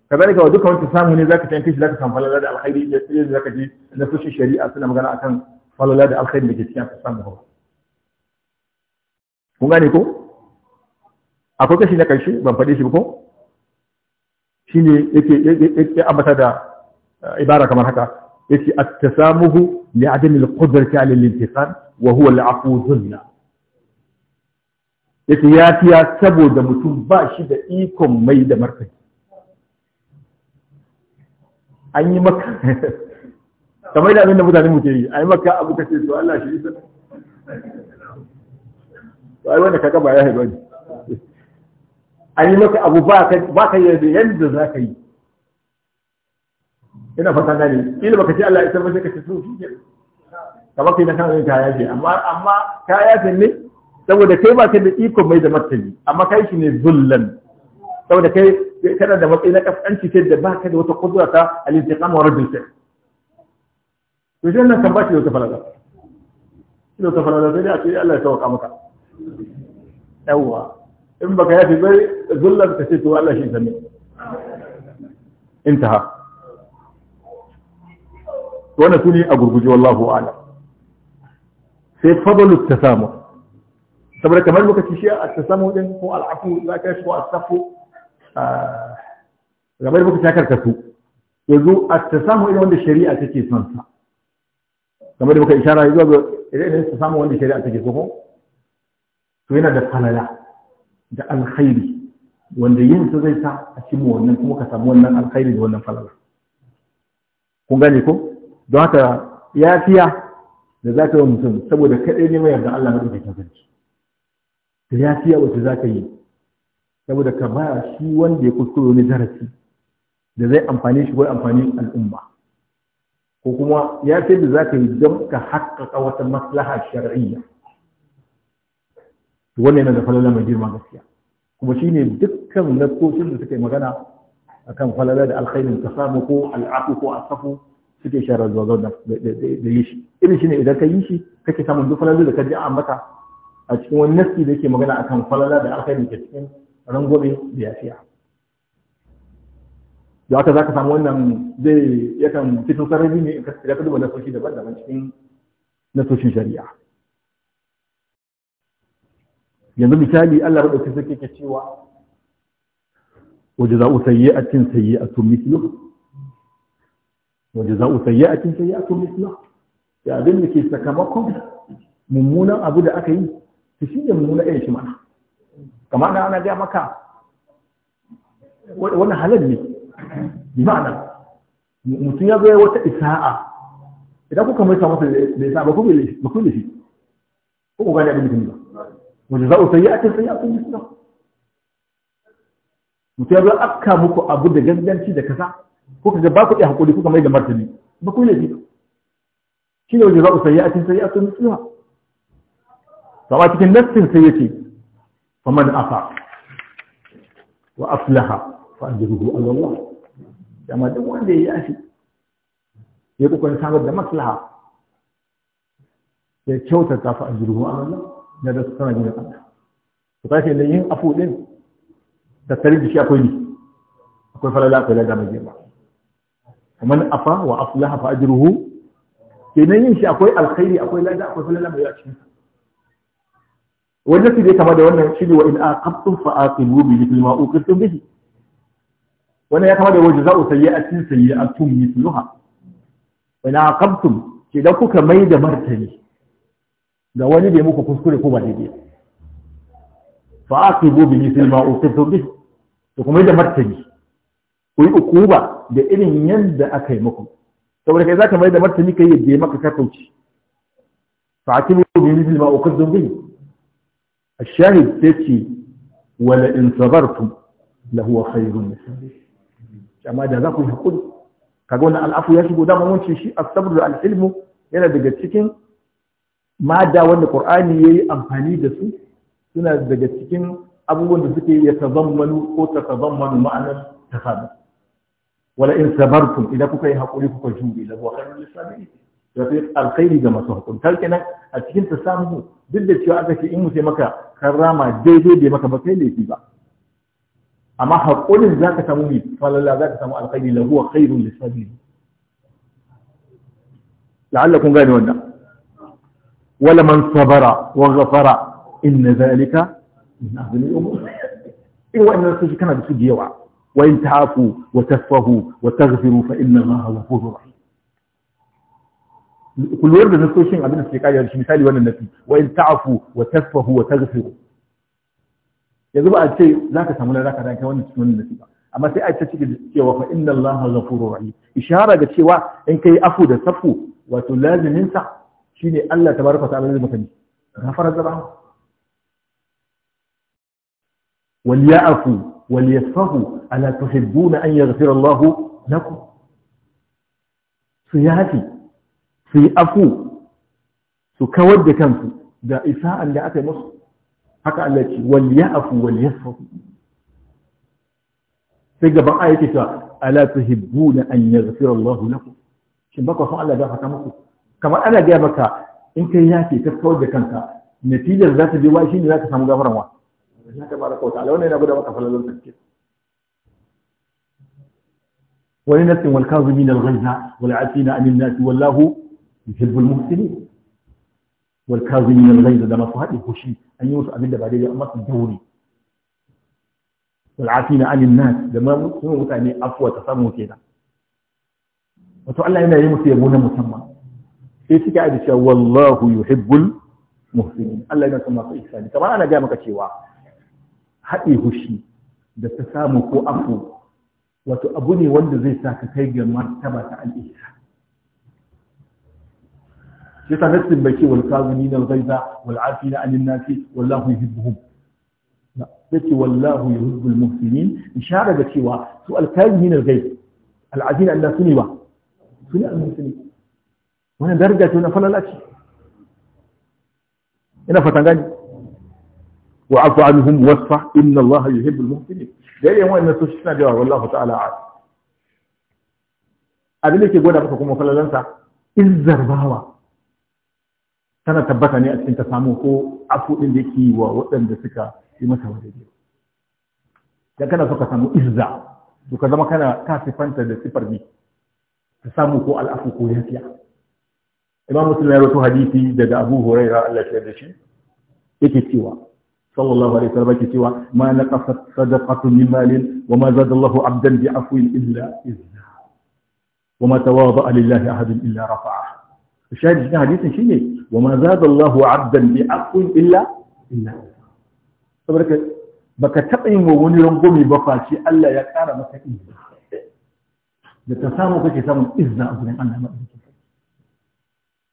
kazalika wa duka wanda samu ne zaka tantace zaka san falala da alkhairi da sai zaka ji na soshi shari'a suna magana akan falala da alkhairi da ke cikin ka samu ba kun gane ko akwai kashi na karshe ban faɗe shi ba ko shine yake yake ambata da eh, ibara kamar haka yace at-tasamuhu li adami al-qudrati 'ala al-intiqam wa huwa al-'afwu dhunna yake fiya saboda mutum ba shi da ikon mai da martani an yi maka kamar da abinda mutane muke yi an yi maka abu ta ce to Allah shi isa to ai wanda kaga ba ya haifar? ne an yi maka abu ba ka yi yadda za ka yi ina fata Ina ila baka ce Allah isa ba sai ka ce su shi ke kamar kai na kan kaya ce amma amma kaya ce ne saboda kai ba kai da iko mai da martani amma kai shi ne zullan saboda kai kana da matsayi na kafanci kai da ba ka da wata kudura ta al-intiqam wa raddul fi'l to shi wannan kan ba shi da wata falala shi da wata falala sai dai a ce Allah ya sauka maka yawwa in baka yafi bai zullan ka ce to Allah shi sani intaha wannan sune a gurguje wallahu a'lam sai fadlu tasamuh saboda kamar muka ci shi a tasamu din ko al'afu za ka shi ko asafu kamar muka ta karkasu yanzu a tasamu irin wanda shari'a take son sa kamar da muka ishara zuwa ga irin tasamu wanda shari'a take so ko to yana da falala da alkhairi wanda yin su zai sa a cimma wannan kuma ka samu wannan alkhairi da wannan falala kun gane ko don haka yafiya da za ka yi wa mutum saboda kaɗai ne mai yarda Allah na ɗauke ta zanci yafiya wacce za ka yi saboda ka ba shi wanda ya kuskure wani darasi da zai amfani shi ko amfani al'umma ko kuma ya yafiyar da za ka yi don ka haƙaƙa wata maslaha shar'iyya wannan yana da falala mai girma gaskiya kuma shi ne dukkan nassoshin da suka yi magana a kan falala da alkhairin ta samu ko al'afu ko asafu suke shara zuwa da yi shi irin shi ne idan ka yi shi kake samun duk falala da ka ji a mata a cikin wani nasi da yake magana akan falala da alkhairi ke cikin rangobe da yafiya da haka za ka samu wannan zai yakan fito sarari ne ka shiga ta duba nasoshi daban-daban cikin nasoshin shari'a yanzu misali Allah rubuta sai ke cewa waje za'u sayyi'atin sayyi'atun misluhu waje za'u sayyi'atin sayyi'atun misluhu ya abin da ke sakamakon mummunan abu da aka yi to shi ne mummuna irin shi mana kama da ana gaya maka wani halar ne ma'ana mutum ya zai wata isa'a idan kuka mai samu da isa ba kuma ba kuma da shi. ko ku gane abin da ba, wanda za ku sai ya ce sai ya kun suna mutum ya zai aka muku abu da ganganci da kasa ko ka ga ba ku iya hakuri kuka mai da martani ba kuma da shi shi ne wanda za ku sai ya ce sai ya kun suna sama cikin nassin sai ce, faman afa wa aflaha fa ajruhu ala Allah dama duk wanda ya afi ya kokarin samar da maslaha ya kyautata fa ajruhu ala Allah da da sanar da Allah to kace da yin afu din da tare da shi akwai ni akwai falala akwai lada mai girma man afa wa aflaha fa ajruhu kenan yin shi akwai alkhairi akwai lada akwai falala mai yawa cikin wannan su dai kama da wannan shi ne wa in fa'a, fa aqibu bi mithli ma uqibtum bihi wannan ya kama da wajen za'u sayyi'atin su mithluha wa a kaftun ke da kuka mai da martani ga wani da muku kuskure ko ba daidai fa aqibu bi mithli ma uqibtum bihi to kuma da martani ku yi ukuba da irin yadda aka yi muku saboda kai ka mai da martani kai yadda ya maka kakauci Fa'a, fa aqibu bi mithli ma uqibtum bihi الشاهد تتي ولا إن صبرتم لهو خير للصابرين amma da za ku yi hakuri kaga wannan al'afu ya shigo dama mun ce shi as da al-ilmu yana daga cikin mada wanda qur'ani yayi amfani da su suna daga cikin abubuwan da suke ya tazammalu ko tazammalu ma'anar tasabi wala in idan kuka yi hakuri kuka jure da fi alkhairi ga masu hukunta kenan a cikin ta samu duk da cewa aka ce in mutai maka kan rama daidai bai maka ba kai laifi ba amma haƙurin za ka samu mai falala za ka samu alkhairi lahu wa khairun lisabili la'alla kun gane wannan wala man sabara wa ghafara inna zalika min azmi al-umur in wa inna su kana da su da yawa wa in ta'afu wa tasfahu wa taghfiru fa inna allaha ghafurur rahim ku da nasoshin abin da suke kariya shi misali wannan nasi wa in ta'fu wa tasfahu wa taghfiru yanzu ba a ce zaka samu lada ka ranka wannan cikin wannan nasi ba amma sai a ta cike cewa fa inna allaha ghafurur rahim ishara ga cewa in kai afu da safu wato lazimin sa shine Allah tabaraka ta'ala zai maka gafara da rahama wal ya'fu wal yasfahu ala tuhibbuna an yaghfira Allahu lakum su yafi su yi afu su kawar da kansu da isa'an da aka yi musu haka Allah ce waliya afu waliya yasfahu sai gaban aya yake cewa ala tuhibbuna an yaghfira Allahu lakum shin baka son Allah ya gafarta muku kamar ana gaya maka in kai yafi ka kawar da kanka natijar za ta je wa shi shine za ta samu gafaran wa ya tabaraka wa ta'ala wannan yana gudanar maka falalun tafsir ولنفس والكاظمين الغيظ والعافين عن الناس wallahu. yuhibbul muhsinin wal kazimin al ghayz da masu haɗe fushi an yi musu abin da ba daidai amma su daure wal afina anin nas da ma mutane afwa ta samu wato Allah yana yi musu na musamman sai suke aji cewa wallahu yuhibbul muhsinin Allah yana son masu ihsani kamar ana ga maka cewa haɗe hushi da ta samu ko afu wato abu ne wanda zai sa ka kai ga martaba ta al'ihsan yasa nassin bai ce wal kazimina al ghaiza wal afina anin nasi wallahu yuhibbuhum yace wallahu yuhibbul muhsinin ishara da cewa su al kazimina al ghaiz al afina an nasu ne ba su ne al muhsinin wannan daraja ce na falala ce ina fatan gani wa afu anhum wasfa inna allaha yuhibbul muhsinin da yayin wannan su suna jawa wallahu ta'ala a'lam abin da ke gwada maka kuma falalansa izzar bawa tana tabbata ne a cikin ta samu ko afu din da yake wa waɗanda suka yi masa wani da kana so ka samu izza to ka zama kana ka sifanta da sifar ne ka samu ko al'afu ko yafiya imam muslim ya rawaito hadisi daga abu huraira Allah ya yarda shi yake cewa sallallahu alaihi wasallam yake cewa ma naqasat sadaqatu min malin wa ma zada Allahu abdan bi afwin illa izza wa ma tawada'a lillahi ahadun illa rafa'ah shahidi cikin hadisin shine wa ma zada Allahu abdan bi aqul illa illa saboda baka taba yin wa wani rangwame ba face Allah ya kara maka izza da ta samu kake samun izza a gurin Allah madaukakin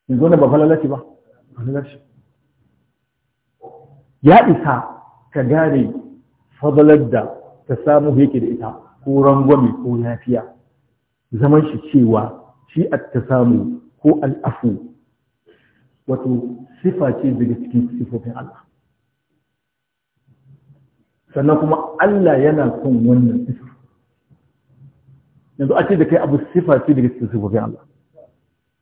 yanzu wannan ba falalaci ba falalaci ya isa ka gane fadalar da ta samu yake da ita ko rangwame ko lafiya zaman shi cewa shi a ta samu ko al'afu wato sifa ce daga cikin sifofin Allah sannan kuma Allah yana son wannan sifa yanzu a ce da kai abu sifa ce daga cikin sifofin Allah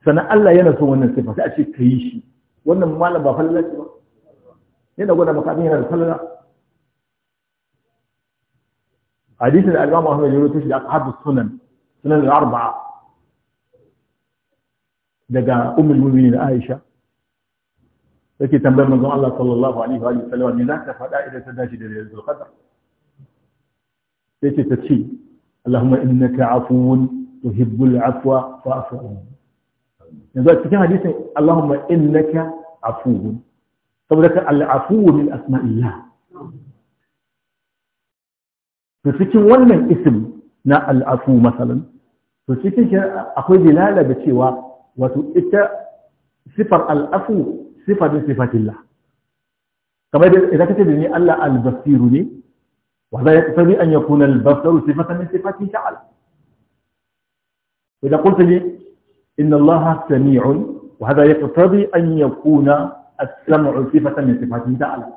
sannan Allah yana son wannan sifa sai a ce ka yi shi wannan malam ba falala ce ba yana gwada maka abin yana da falala hadisin da al-Imam Ahmad ya rawaito shi da aka haɗa sunan sunan al-arba'a daga ummul mu'minin Aisha take tambayar manzon Allah sallallahu alaihi wa sallam ni za ta faɗa idan ta dace da Lailatul Qadr sai ta ce Allahumma innaka afuwun tuhibbul afwa fa'fu anni yanzu a cikin hadisin Allahumma innaka afuwun saboda ka al-afuwu min asma'illah to cikin wannan isim na al-afu masalan to cikin shi akwai dilala da cewa wato ita sifar al'afu sifa din sifatillah kamar da idan kace da Allah al-basiru ne wa za yaqtadi an yakuna al-basaru sifatan min sifati ta'ala idan qulta li inna Allah sami'un wa hadha yaqtadi an yakuna as-sam'u sifatan min sifati ta'ala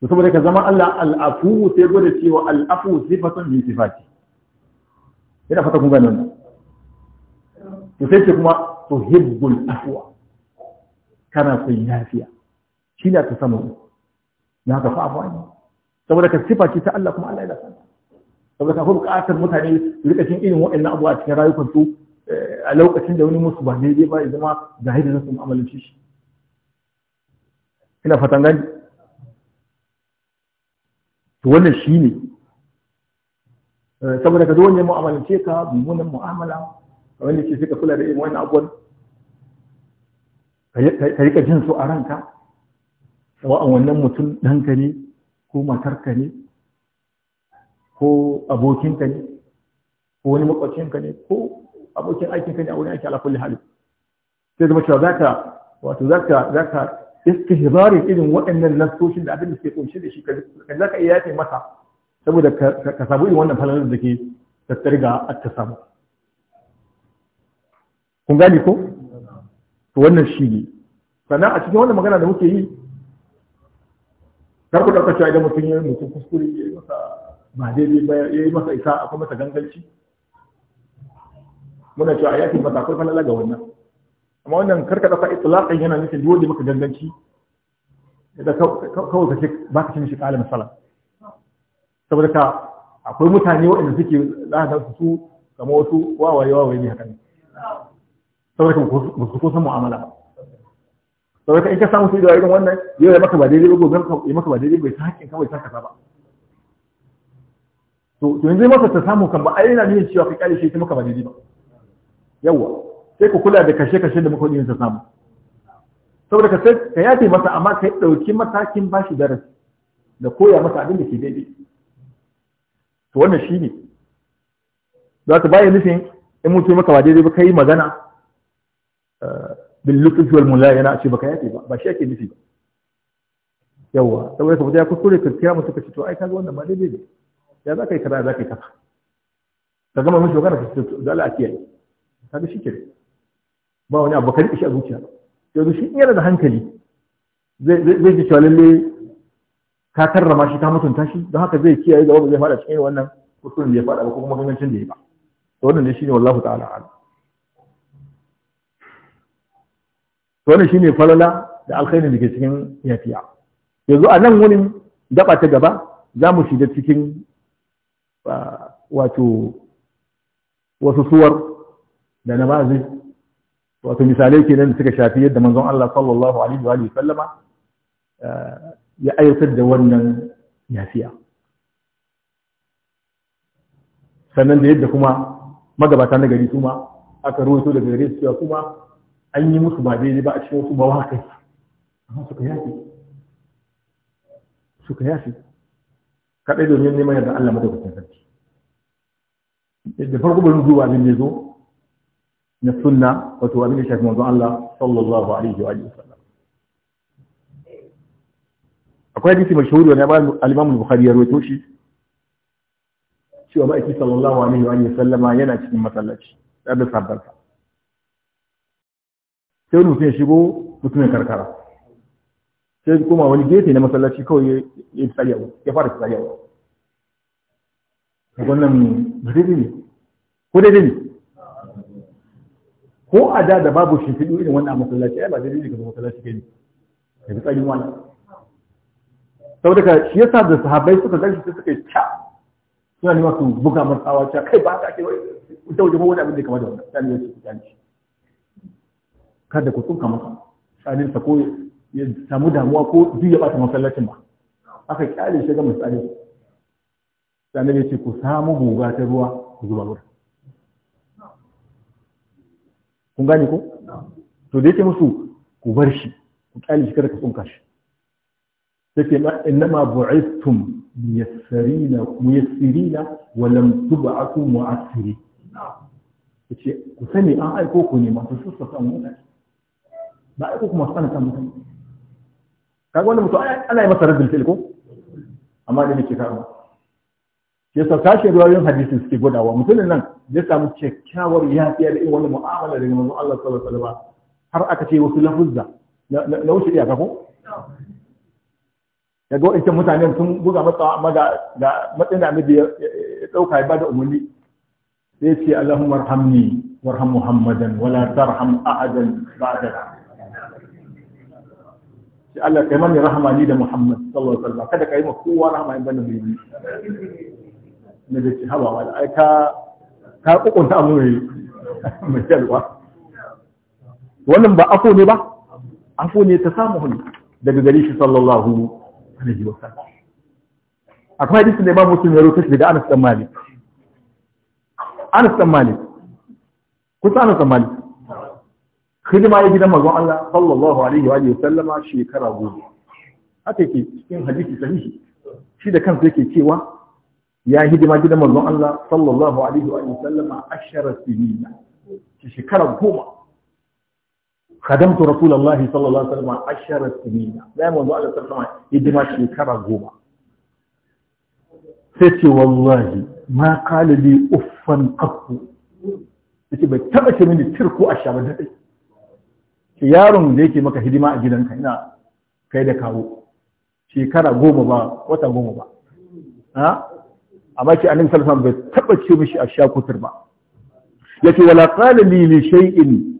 to saboda ka zama Allah al-afu sai gode cewa al-afu sifatun min sifati ina fata kun gane nan. to sai ce kuma to hibbul afwa kana son yafiya shi ta sama samu na ka fa'afa ne saboda ka sifa ce ta Allah kuma Allah ya san saboda ka buƙatar mutane su rika cin irin waɗannan abubuwa cikin rayukan su eh, a lokacin da wani musu ba daidai ba ya zama jahili zan su mu'amalanci shi ina fatan gani to wannan shi ne eh, saboda ka zo wani mu'amalance ka mummunan mu'amala wanda ke suka kula da irin wani abubuwan ka rika jin su a ranka sawa'an wannan mutum ɗanka ne ko matarka ne ko abokinka ne ko wani makwacinka ne ko abokin aikinka ne a wurin aiki ala kulli hali sai zama cewa zaka wato zaka zaka istihzari irin waɗannan nasoshin da abin da ke kunshi da shi kan zaka iya yafe masa saboda ka samu irin wannan falalar da ke tattare ga at-tasamu kun gani ko to wannan shi ne sannan a cikin wannan magana da muke yi kar ku ɗauka cewa idan mutum ya mutum kuskure ya yi masa ba daidai ba ya yi masa isa akwai masa ganganci muna cewa a yakin mata akwai falala ga wannan amma wannan karka ɗauka itlaqan yana nufin duk wanda maka ganganci da kawai ka ce ba ka ce shi ƙalin sala saboda ka akwai mutane waɗanda suke za su su kamar wasu wawaye wawaye ne haka ne saboda ba su kusa mu'amala saboda in ka samu su irin wannan yau ya maka ba daidai ba gobe ya maka ba daidai bai ta hakkin kawai ta ba to to yanzu masa ta samu kan ba ai yana nuna cewa kai kare shi ta maka ba daidai ba yawa sai ku kula da kashe kashe da muka yin ta samu saboda ka sai ka yafe masa amma ka dauki matakin bashi darasi da koya masa abin da ke daidai to wannan shine za ta bayan nufin in mutum maka ba daidai ba kai magana bil lutfi wal mulayana a ce baka yaki ba ba shi yake nufi ba yawa saboda ka fita ya kuskure ka kira musu ka ce to ai kaga wannan ma daidai ne ya za ka yi kaza za ka yi kafa. ka gama mishi magana ka ce da Allah a kiyaye kaga shi kenan ba wani abu kan ishi a zuciya yanzu shi yana da hankali zai ji cewa lalle ka karrama shi ka mutunta shi don haka zai kiyaye gaba ba zai fada cikin wannan kuskuren da ya fada ba ko kuma gangancin da ya ba to wannan ne shine wallahu ta'ala a'lam shi shine falala da alkhairin da ke cikin yafiya yanzu a nan wurin gaba ta gaba za mu shiga cikin wato wasu suwar da na mazi wato misalai kenan da suka shafi yadda manzon Allah sallallahu alaihi wa sallama ya aiwatar da wannan yafiya sannan da yadda kuma magabata na gari kuma aka ruwaito daga gare su kuma an yi musu ba daidai ba a cikin wasu bawa kai amma suka yafi suka yafi kaɗai domin neman yadda Allah madaukakin sarki da farko bari zuwa abin da ya zo na sunna wato abin da shafi manzon Allah sallallahu alaihi wa alihi wasallam akwai hadisi mashhuri wanda ba al-Imam al-Bukhari ya rawaito shi cewa ma'aiki sallallahu alaihi wa alihi wasallama yana cikin masallaci da da sabbarsa sai mutum ya shigo mutumin karkara sai kuma wani gefe na masallaci kawai ya tsariya ya fara tsariya wannan daidai ne ko daidai ne ko a da da babu da irin wannan masallaci ya ba daidai ne ga masallaci ke ne ya fi tsarin wani saboda daga shi yasa da sahabbai suka zai shi suka yi ca suna nema su buga masawa ca kai ba ta ke wani wajen wani abin da kama da wani sani ya ce kada ku tsunka masa tsalinsa ko ya samu damuwa ko duk ya bata masallacin ba aka kyale shi ga misali sannan ya ce ku samu buga ta ruwa ku zuba wurin kun gane ko to da yake musu ku bar shi ku kyale shi kada ka tsunka shi take innama bu'ithum muyassirina muyassirina wa lam tub'atu mu'assirin yace ku sani an aiko ku ne masu sassa kan mutane ba a kuma sana san mutane ga wani mutum ana yi masa raddul fi'l ko amma da nake kawo ya sa sashe ruwayoyin hadisin suke gudawa mutumin nan ya samu kyakkyawar yafiya da irin wani mu'amala daga manzon Allah sallallahu alaihi wasallam har aka ce wasu lafuzza na wuce iyaka ko ya ga wa'ancan mutanen sun buga matsawa amma ga matsayin da annabi ya ɗauka ya bada umarni sai ya ce Allahumma arhamni warham Muhammadan wala tarham ahadan ba'dana shi Allah kai mani rahama ni da Muhammad sallallahu alaihi wasallam kada kai ma kowa rahama in banda bayani ne da ci haba wala ai ka ka kokonta mu ne mai wannan ba afu ne ba afu ne ta samu hun daga gari shi sallallahu alaihi wasallam akwai hadisi da Imam Muslim ya rawaito daga Anas bin Malik Anas bin Malik kusa Anas bin Malik hidima ya gidan manzon Allah sallallahu alaihi wa sallama shekara goma haka yake cikin hadisi sahihi shi da kansa yake cewa ya hidima gidan manzon Allah sallallahu alaihi wa sallama ashara sinina shekara goma khadamtu rasulullah sallallahu alaihi wa sallama ashara sinina ya manzon Allah sallallahu alaihi wa hidima shekara goma sai ce wallahi ma qala li uffan qattu yace bai taba ce mini tirku a shaba da yaron da yake maka hidima a gidanka ina kai da kawo shekara goma ba wata goma ba a amma ki annabi sallallahu alaihi wasallam bai taba ce mishi a shakutur ba yace wala qala li li shay'in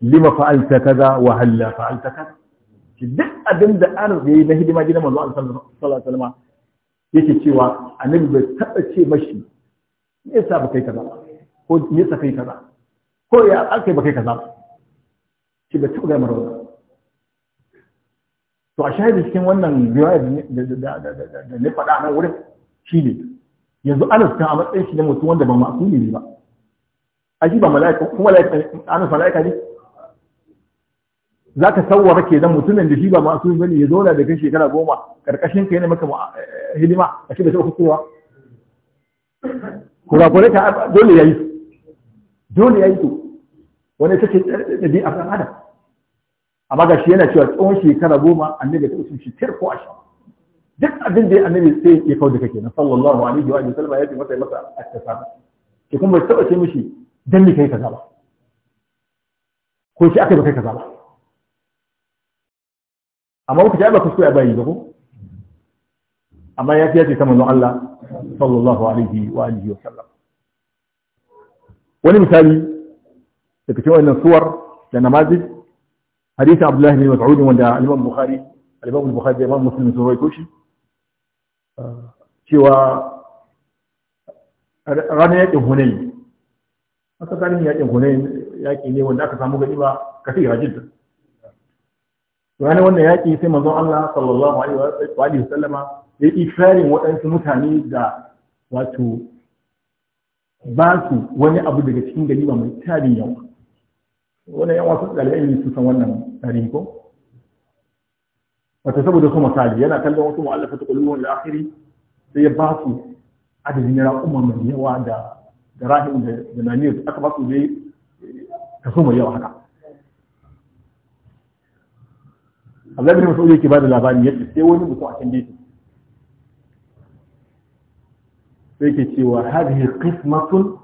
lima fa'alta kaza wa halla fa'alta kaza ki duk abin da an yi na hidima gidan manzo Allah sallallahu alaihi wasallam yake cewa annabi bai taba ce mashi me yasa ba kai kaza ko me yasa kai kaza ko ya aka ba kai kaza ba shi bai taɓa gamar ba to a shahidu cikin wannan riwaya da ne faɗa nan wurin shi ne yanzu anas kan a matsayin shi ne mutum wanda ba ma'asumi ne ba a shi ba mala'ika kuma anas mala'ika ne za ka sauwara ke nan mutumin da shi ba masu ba ne ya zauna da kan shekara goma karkashin ka yana maka eh, hidima a shi bai taɓa fitowa kurakurai ka dole ya yi dole ya yi to wani ita ce a ɗan adam amma ga shi yana cewa tsohon shekara goma annabi ta usun shi tir ko ashirin duk abin da annabi sai ya kawo da kenan. nan sallallahu alaihi wa sallam ya ce masa masa attasa ki kuma bai taɓa ce mishi dan ni kai kaza ba ko shi aka yi kai kaza ba amma kuka ji ba kuskure ba yi ba ko amma ya fiye ce ta manzon Allah sallallahu alaihi wa alihi wa sallam wani misali daga cikin wannan suwar da namazin hadisin abdullahi bin mas'ud wanda al-imam bukhari al bukhari da imam muslim sun rawaito shi cewa ranar yakin hunayn aka sani yakin hunayn yaki ne wanda aka samu ganima kafi rajid ranar wannan yaki sai manzon Allah sallallahu alaihi wa sallama ya yi sharing waɗansu mutane da wato ba su wani abu daga cikin ba mai tarin yawa wani yan wasu ɗalibai su san wannan tarihi ko wata saboda su misali yana kallon wasu mu'allafa ta kulubun da akhiri sai ya ba su adadin yara umma mai yawa da da rahim da naniyar aka ba su dai kaso mai yawa haka Allah bin Mas'ud yake ba da labari yadda, sai wani mutum a can gefe sai ke cewa hadhihi qismatun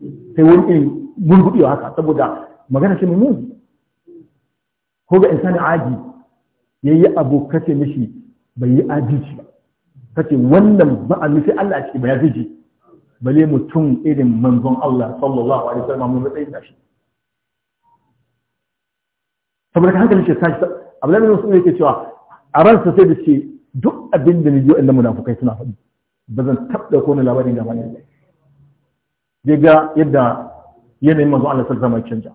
sai wani irin gurgudewa haka saboda magana ce mai muni ko ga insani aji ya yi abu kace mishi bai yi ajici ba kace wannan ba a nufi Allah ce ciki ba ya fiji bale mutum irin manzon Allah sallallahu alaihi wasallam mun tsayin da shi saboda ka hankali shi tashi Abdullahi bin Mas'ud yake cewa a ransa sai da shi duk abin da ne yi wa'annan munafukai suna faɗi ba zan taɓa ko na labarin da ba ne ya ga yadda yanayin manzo Allah sallallahu alaihi wasallam canja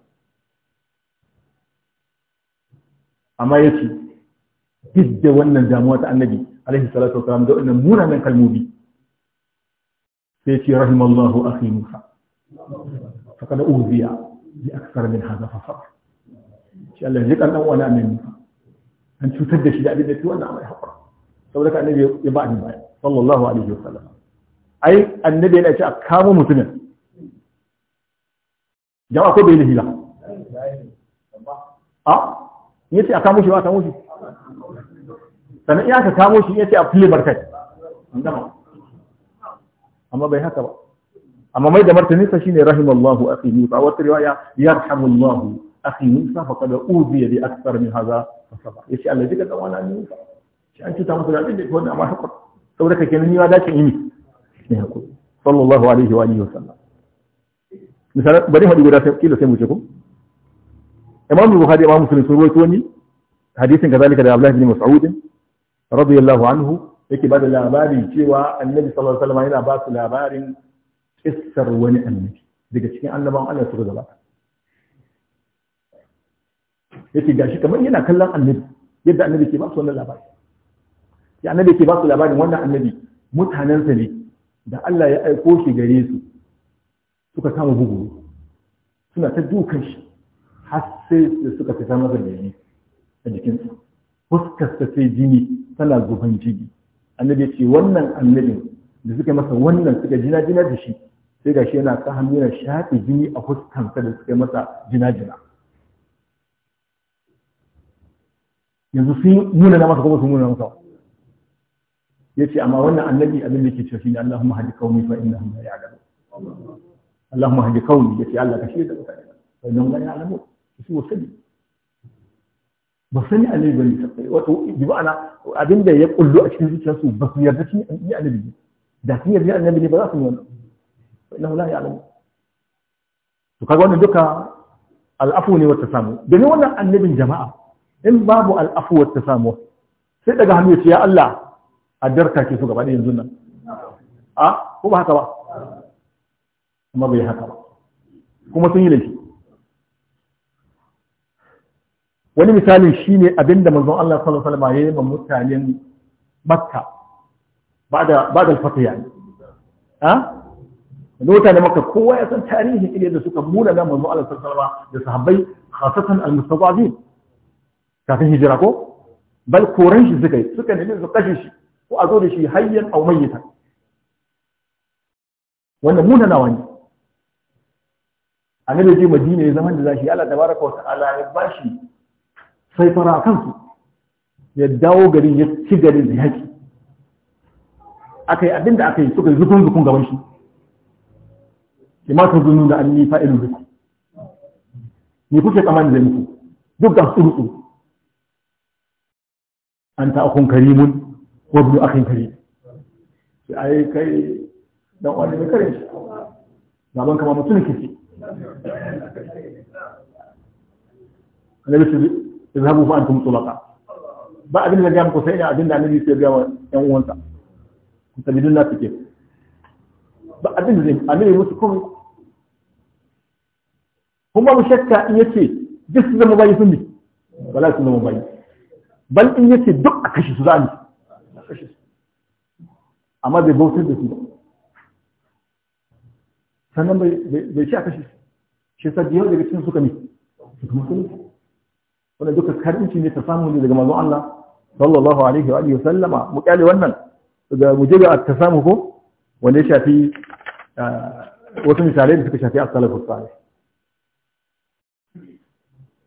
amma yace duk da wannan damuwa ta annabi alaihi salatu wa wasallam da wannan munanan kalmomi sai ce rahimallahu akhi Musa faqad uziya bi akthar min hadha fa sabar shi Allah ya kan dan wani annabi an cutar da shi da abin da ke wannan amai haƙura saboda ka annabi ya ba ni baya sallallahu alaihi wasallam ai annabi yana ce a kama mutumin jama'a ko bai da hila a ya ce a kamo shi ba a kamo shi sannan iya ka kamo shi ya ce a fili barkai amma bai haka ba amma mai da martani martaninsa shine rahimallahu akhi Musa wata riwaya yarhamullahu akhi Musa fa kada uziya bi akthar min hadha fa yace Allah jika da wala ni Musa shi an cuta masa da din da ko da ma hakuri saboda kake ni ma dace ni ne hakuri sallallahu alaihi wa alihi wa sallam misali bari hadi guda sai kila sai mu ce ko imamu bukhari imamu muslim sun rawaito ni hadisin kazalika da abdullahi ibn mas'ud radiyallahu anhu yake bada da labari cewa annabi sallallahu alaihi wasallam yana ba su labarin kissar wani annabi daga cikin annabawan Allah su gaba yake gashi kamar yana kallon annabi yadda annabi ke ba su wannan labari ya annabi ke ba su labarin wannan annabi mutanensa ne da Allah ya aiko shi gare su suka kama bugu suna ta dukan shi har sai da suka fita masa da yi a jikinsa ta sai jini tana zuban jini annabi ce wannan annabin da suka masa wannan suka jina jina da shi sai gashi yana ta hannu yana shafe jini a fuskansa da suka masa jina jina yanzu sun nuna na masa kuma sun nuna masa ya ce amma wannan annabi abin da ke cewa shi ne Allahumma hadi qaumi fa innahum la ya'lamun Allahumma hadi kauni yace Allah ka shirya mutane wannan wani alamu su wasani ba sani annabi bane sai wato bi ma'ana abinda ya kullu a cikin zuciyarsu ba su yarda shi ni annabi da kun yarda annabi ne ba za su yi wannan fa innahu la ya'lamu to kaga wannan duka al'afu ne wata samu domin wannan annabin jama'a in babu al'afu sai daga hannu ya ce ya ke so gaba da yanzu nan a ko ba haka ba kuma bai haka ba kuma sun yi laifi wani misali shine abinda manzon Allah sallallahu alaihi wasallam ya yi wa mutanen Makka bada bada fatiha ha nota da maka kowa ya san tarihin ile da suka muna da manzon Allah sallallahu alaihi wasallam da sahabbai khasatan al-mustadafin kafin hijira ko bal koran shi suka yi suka nemi su kashe shi ko a zo da shi hayyan aw mayyitan wannan muna nawa annabi ji madina ya zaman da zashi Allah tabaraka wa ta'ala ya bashi sai fara a kansu ya dawo garin ya ci garin da yaki aka yi abinda aka yi suka yi zukun zukun gaban shi imata zunu da anni fa'ilu biku ni kuke tsammanin zai muku duk da tsuru an ta akun karimun wa ibnu akhin karim sai ai kai dan wani ne kare shi gaban kama mutum kike annabi izhabu fa antum tulaqa ba abin da ga muku sai da abin da annabi ya ga wa yan uwansa ku tabi dunna take ba abin da annabi musu komai kuma mu shakka in yace duk su zama bayi sun bi ba za su zama bayi bal in yace duk a kashe su za a kashe su amma bai bautar da su ba sannan bai ci a kashe shi sa da daga cikin suka ne suka musulunci wanda duka karinci ne ta samu ne daga mazan Allah sallallahu alaihi wa alihi sallama mu kyale wannan daga mu je a ta samu ko wanda ya shafi ah, wasu misalai da suka shafi as-salafu salih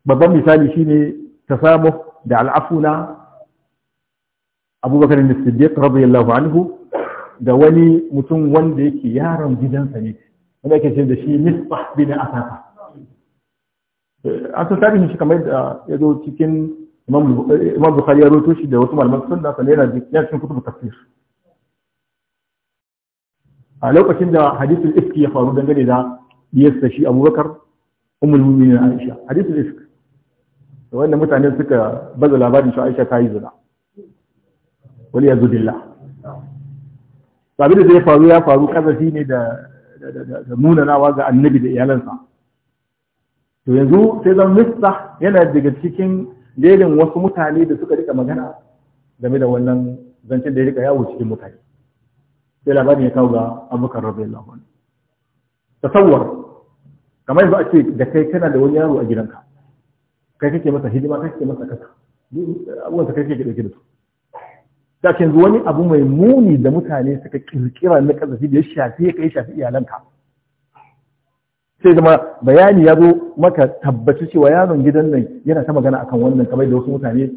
babban misali shine tasamuh da al'afuna Abu Bakar as-Siddiq radiyallahu anhu da wani mutum wanda yake yaron gidansa ne wanda ake ce da shi misbah bin asaka an san tarihin shi kamar da ya zo cikin imam bukhari ya roto shi da wasu malaman sunna sannan yana da cikin kutubu tafsir a lokacin da hadisul iski ya faru dangane da diyarsa shi abubakar umul mu'minin aisha hadisul iski wanda mutane suka baza labarin shi aisha ta yi zina wani ya zubilla sabi da zai faru ya faru kazafi ne da da nawa ga annabi da iyalansa to yanzu sai zan mista yana daga cikin lelin wasu mutane da suka rika magana game da wannan zancen da ya rika yawo cikin mutane sai labarin ya kawo ga abubakar radiyallahu anhu tasawwar kamar yanzu ake da kai kana da wani yaro a gidanka kai kake masa hidima kai kake masa kasa abubuwan kai kake da su ta yanzu wani abu mai muni da mutane suka kirkira na kasafi da ya shafi ya kai shafi iyalanka sai zama bayani ya zo maka tabbaci cewa yaron gidan nan yana ta magana akan wannan kamar da wasu mutane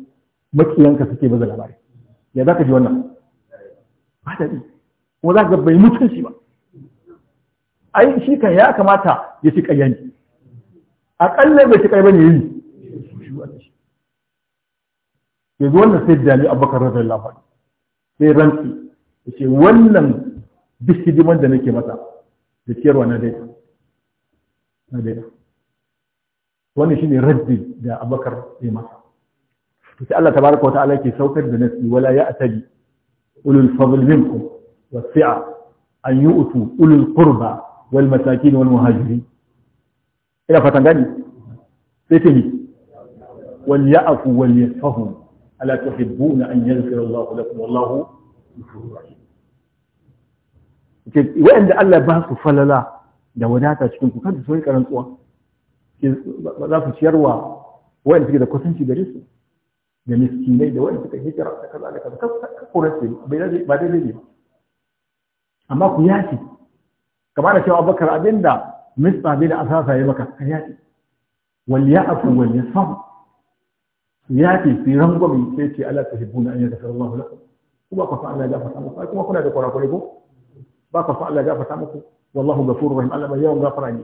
makiyanka suke baza labari ya za ka ji wannan ba ta kuma za ka bai mutunci ba ai shi kan ya kamata ya ci A aƙalla bai ci ne ya yi yanzu wannan sai da ali abubakar radiyallahu anhu sai rantsi ya ce wannan duk hidiman da nake masa da ciyarwa na dai na dai wannan shine raddi da abakar ya masa to sai Allah tabaraka wa ta'ala ke saukar da nasi wala ya'tali ulul fadl minkum wasi'a an yu'tu ulul qurba wal masakin wal muhajirin ina fatan gani sai ta yi wal ya'fu wal yasfahu ألا تحبون أن يغفر الله لكم والله غفور رحيم waɗanda Allah ba su falala da wadata cikin ku kanta sun karan tsuwa za su ciyarwa waɗanda suke da kusanci gare su da miskinai da waɗanda suka hijira da kaza da kaza ka kore sai ba dai dai ne amma ku yafi kamar da cewa bakar abinda misba bai da asasa ya maka ka yafi wal ya'fu wal yasfahu yafi fi rangwami sai ce ta tuhibbuna na yaghfira Allah laka kuma ka fa Allah ya gafarta muku kuma kuna da kurakure ko ba ka fa Allah ya gafarta muku wallahu ghafurur rahim Allah mai yawan gafara ne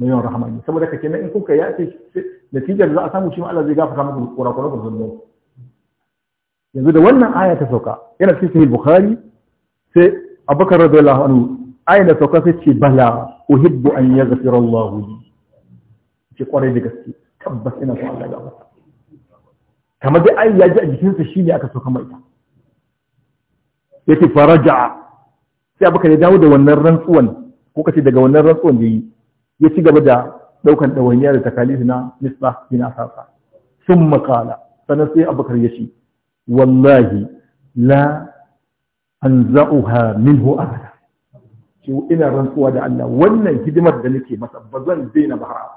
mai yawan rahama ne saboda kake nan in kuka yafi da za a samu shi ma Allah zai gafarta muku kurakure ku zunnu yanzu da wannan aya ta sauka yana cikin sahih bukhari sai abubakar radiyallahu anhu aya da sauka sai ce bala uhibbu an yaghfira Allah li ce kwarai da gaske tabbas ina so Allah ya gafarta kamar dai ai ya ji a jikinsa shi ne aka so kama ta. ya ce faraja sai abubakar ya dawo da wannan rantsuwan ko kace daga wannan rantsuwan da yi ya ci gaba da daukan ɗawainiya da takalifi na misbah bin asasa sun makala sannan sai abubakar ya ce wallahi la an za'uha minhu abada ce ina rantsuwa da Allah wannan hidimar da nake masa ba zan daina ba har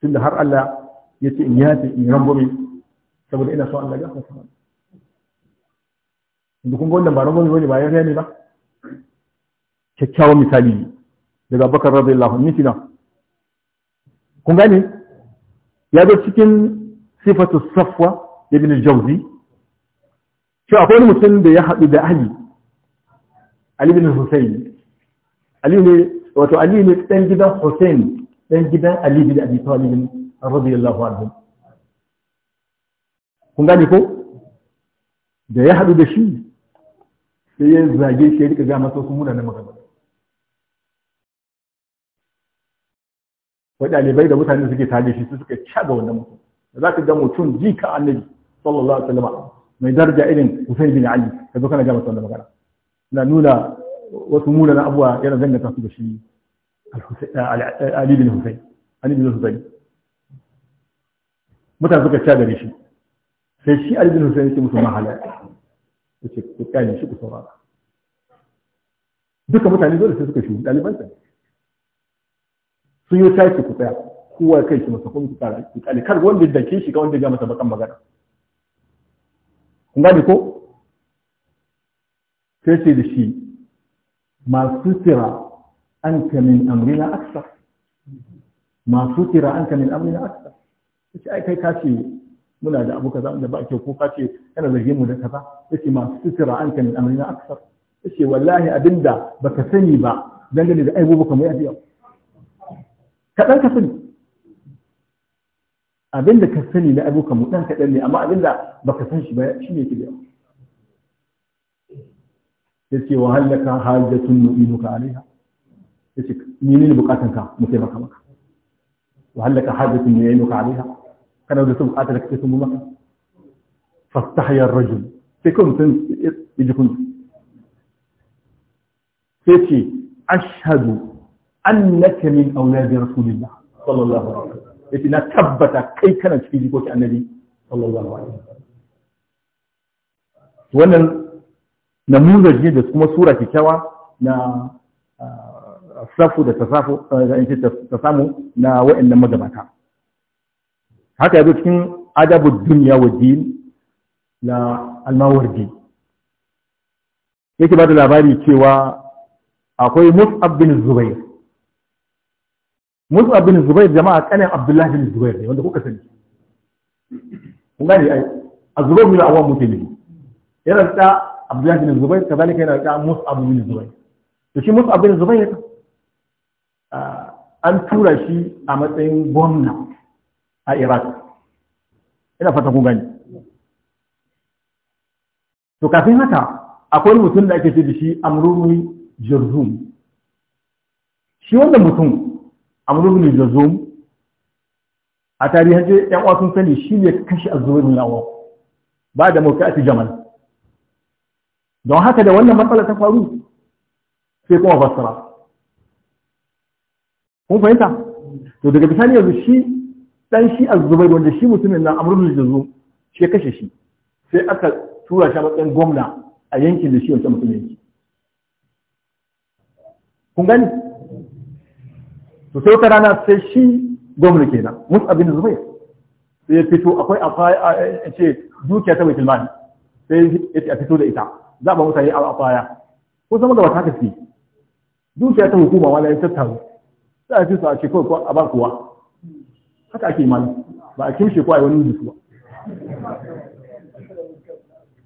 tunda har Allah ya ce in yace in rangwame saboda ina so Allah ya gafarta mana da kun wannan ba rangwame wani ba ya ne ba kyakkyawan misali daga Bakar radiyallahu anhu kina kun gani? ya zo cikin sifatu safwa ya ibn al-jawzi shi akwai wani mutum da ya haɗu da Ali Ali bin Hussein Ali ne wato Ali ne ɗan gidan Hussein ɗan gidan Ali bin Abi Talib رضي الله عنهم كونغانيكو دا يحدو دا شي سي زاجي سي ديك جاما سو سمونا نما دا ودالي بيدا متاني سكي تاجي شي سكي تشاغا ونا مو زاك جامو تون جيكا النبي صلى الله عليه وسلم مي درجه ايدن حسين بن علي كدو كان جاما سو نما غرا لا نولا وسمونا ابوا يلا زنه تاسو دا شي الحسين علي بن حسين علي بن حسين mutane suka ca gare shi sai shi albin hussein yake musu mahala ya ce ku kyale shi ku saurara duka mutane dole sai suka shi ɗalibansa sun yi taki ku tsaya kowa kai shi masa kuma ku tsara ku kyale kar wanda da ke shiga wanda ya masa bakan magana kun gane ko sai ce da shi masu tira an kamin amrina aksa. masu tira an kamin amrina aksar ce ai kai ka ce muna da abu kaza da ba kyau ko ka ce kana zarge mu da kaza yace ma sitira an kan amrina aksar yace wallahi abinda baka sani ba dangane da aibubuka mai afiya kaɗan ka sani abinda ka sani na aibuka mu ɗan kaɗan ne amma abinda baka san shi ba shi ne kiliya ya ce wa hallaka hajjatun nu'inuka alaiha ya ce ni ne bukatan ka mu taimaka maka wa hallaka hajjatun nu'inuka alaiha انا ودتم قاتلك اسم الله فاستحيا الرجل في كنت يجي كنت فيتي اشهد انك من اولاد رسول الله صلى الله عليه وسلم فيتي نتبت كي كانت في جيكوك النبي صلى الله عليه وسلم wannan namunar ne da kuma sura kyakkyawa na safu da ta samu na wa'in nan magabata haka yazo cikin adabu duniya wa din na almawardi yake ba da labari cewa akwai mus'ab bin zubair mus'ab bin zubair jama'a kanin abdullahi bin zubair ne wanda kuka sani kun ne ai azubair bin awwam mutum ne yana da abdullahi bin zubair kazalika yana da mus'ab bin zubair to shi mus'ab bin zubair ah, an tura shi a matsayin gwamna a iraq ina fata kun gani to kafin haka akwai mutum da ake ce da shi Amrumi jirzum shi wanda mutum Amrumi jirzum a tarihance yan uwa sun sani shi ne kashe azurin lawa ba da mawqati jamal don haka da wannan matsala ta faru sai kuma fassara kun fahimta to daga bisani yanzu shi dan shi az-zubair wanda shi mutumin nan amrul jazum shi ya kashe shi sai aka tura shi a matsayin gwamna a yankin da shi wancan mutumin yake kun gani to sai wata rana sai shi gwamna kenan mus'ab bin zubai sai ya fito akwai a ce dukiya ta mai sai ya fito da ita za ba mutane a afaya ko zama da wata kafi dukiya ta hukuma wala ya tattaro sai a fi su a ce kawai a ba kuwa. haka ake mali ba a kimshe ko a wani rubutu ba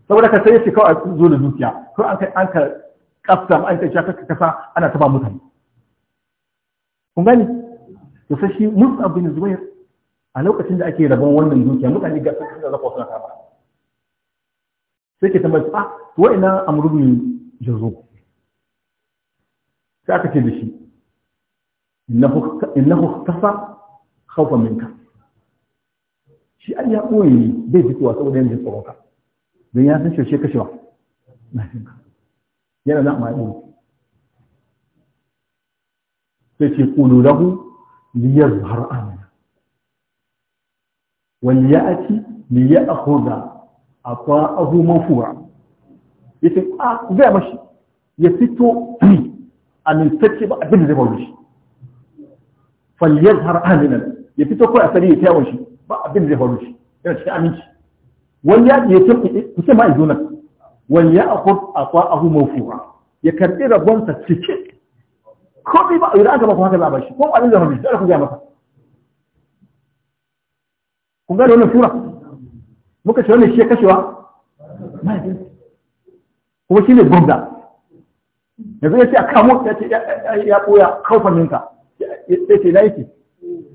saboda ka sai shi kawai zo da dukiya ko an kai an ka kafta an kai shaka ka kasa ana taba mutane kun gani to sai shi Mus'ab bin Zubair a lokacin da ake rabon wannan dukiya mutane ga sun da zafa suna kama sai ke tambaye ah to ina amru bin jazo sai aka ce da shi innahu innahu ikhtasa خوفا منك شي أن يقوي بيتك وأقول أنت طرقة دنيا تنشر شيء كشوا ما فيك يلا لا ما يقول فتقول له ليظهر أمنا وليأتي ليأخذ أطاءه مرفوعا يتم آه زي ماشي يفتو أن يفتش بقى بنزي بولوش فليظهر أمنا ya fito kawai a sani ya kyawun shi ba abin da ya faru shi yana cikin aminci wani ya ya tafi eh, ku ce ma zuna wani ya akwai akwai ahu mafura ya karɓi rabonsa cike komai ba idan aka ba ku haka za a bashi ko abin da faru shi da ku gaya masa kun gane wannan sura muka ce wannan shi ya kashewa kuma shi ne gwamna yanzu ya ce a kamo ya ce ya ɓoya kaufaninka sai ce na yake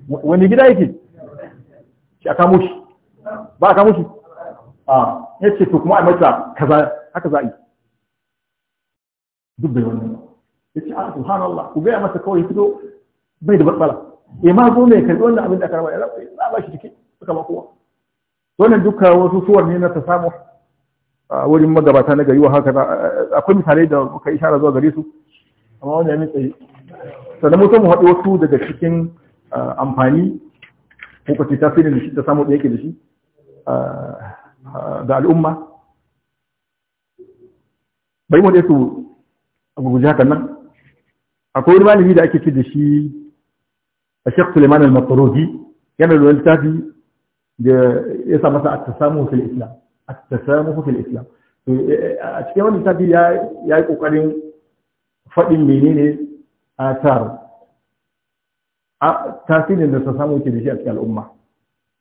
wani gida yake shi a kamo shi ba a kamo shi a ya ce to kuma a mata kaza haka za a yi duk bai wannan ya ce a ah, Allah. ku gaya masa kawai fito bai da barbala E ma zo ne karbi wannan abin da aka ya rabu ya ba shi jiki suka ba kowa wannan duka wasu suwar ne na ta samu a wurin magabata na gari wa haka akwai misalai da muka shara zuwa gare su amma wani ya mitsaye sannan mu mu haɗu wasu daga cikin amfani ko ka ce tasirin da shi ta samu da yake da shi da al'umma bai mu da su a guje hakan nan akwai wani malami da ake ce da shi a Sheikh Suleiman al-Matarogi yana da littafi da ya sa masa at-tasamuhu fil Islam at-tasamuhu fil Islam a cikin wani littafi ya yi kokarin faɗin menene atar tasirin da ta samu ke da shi a cikin al'umma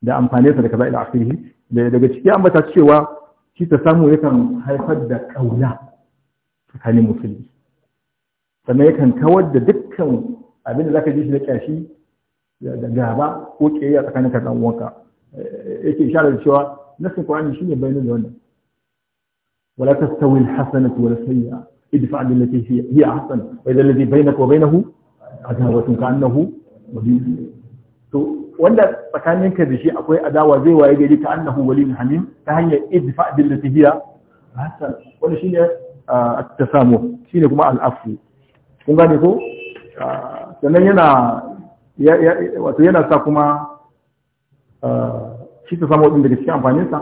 da amfani sa da kaza ila akhirih daga ciki an bata cewa shi ta samu yakan haifar da kauna tsakanin musulmi sannan yakan kawar da dukkan abin da zaka ji shi da kyashi da gaba ko kiyayya tsakanin ka dan uwanka eh, yake isharar da cewa nasin qur'ani shine bayanin da wannan wala tastawi al-hasanatu wala sayyi'a idfa' billati hiya ahsan wa idha alladhi bainaka wa bainahu adawatun ka'annahu to wanda tsakaninka da shi akwai adawa zai waye gari ta annahu waliyun hamim ta hanyar idfa billati hiya hasan wani shine at-tasamu shine kuma al-afu kun gane ko sannan yana wato yana sa kuma shi ta samu wadanda daga cikin amfaninsa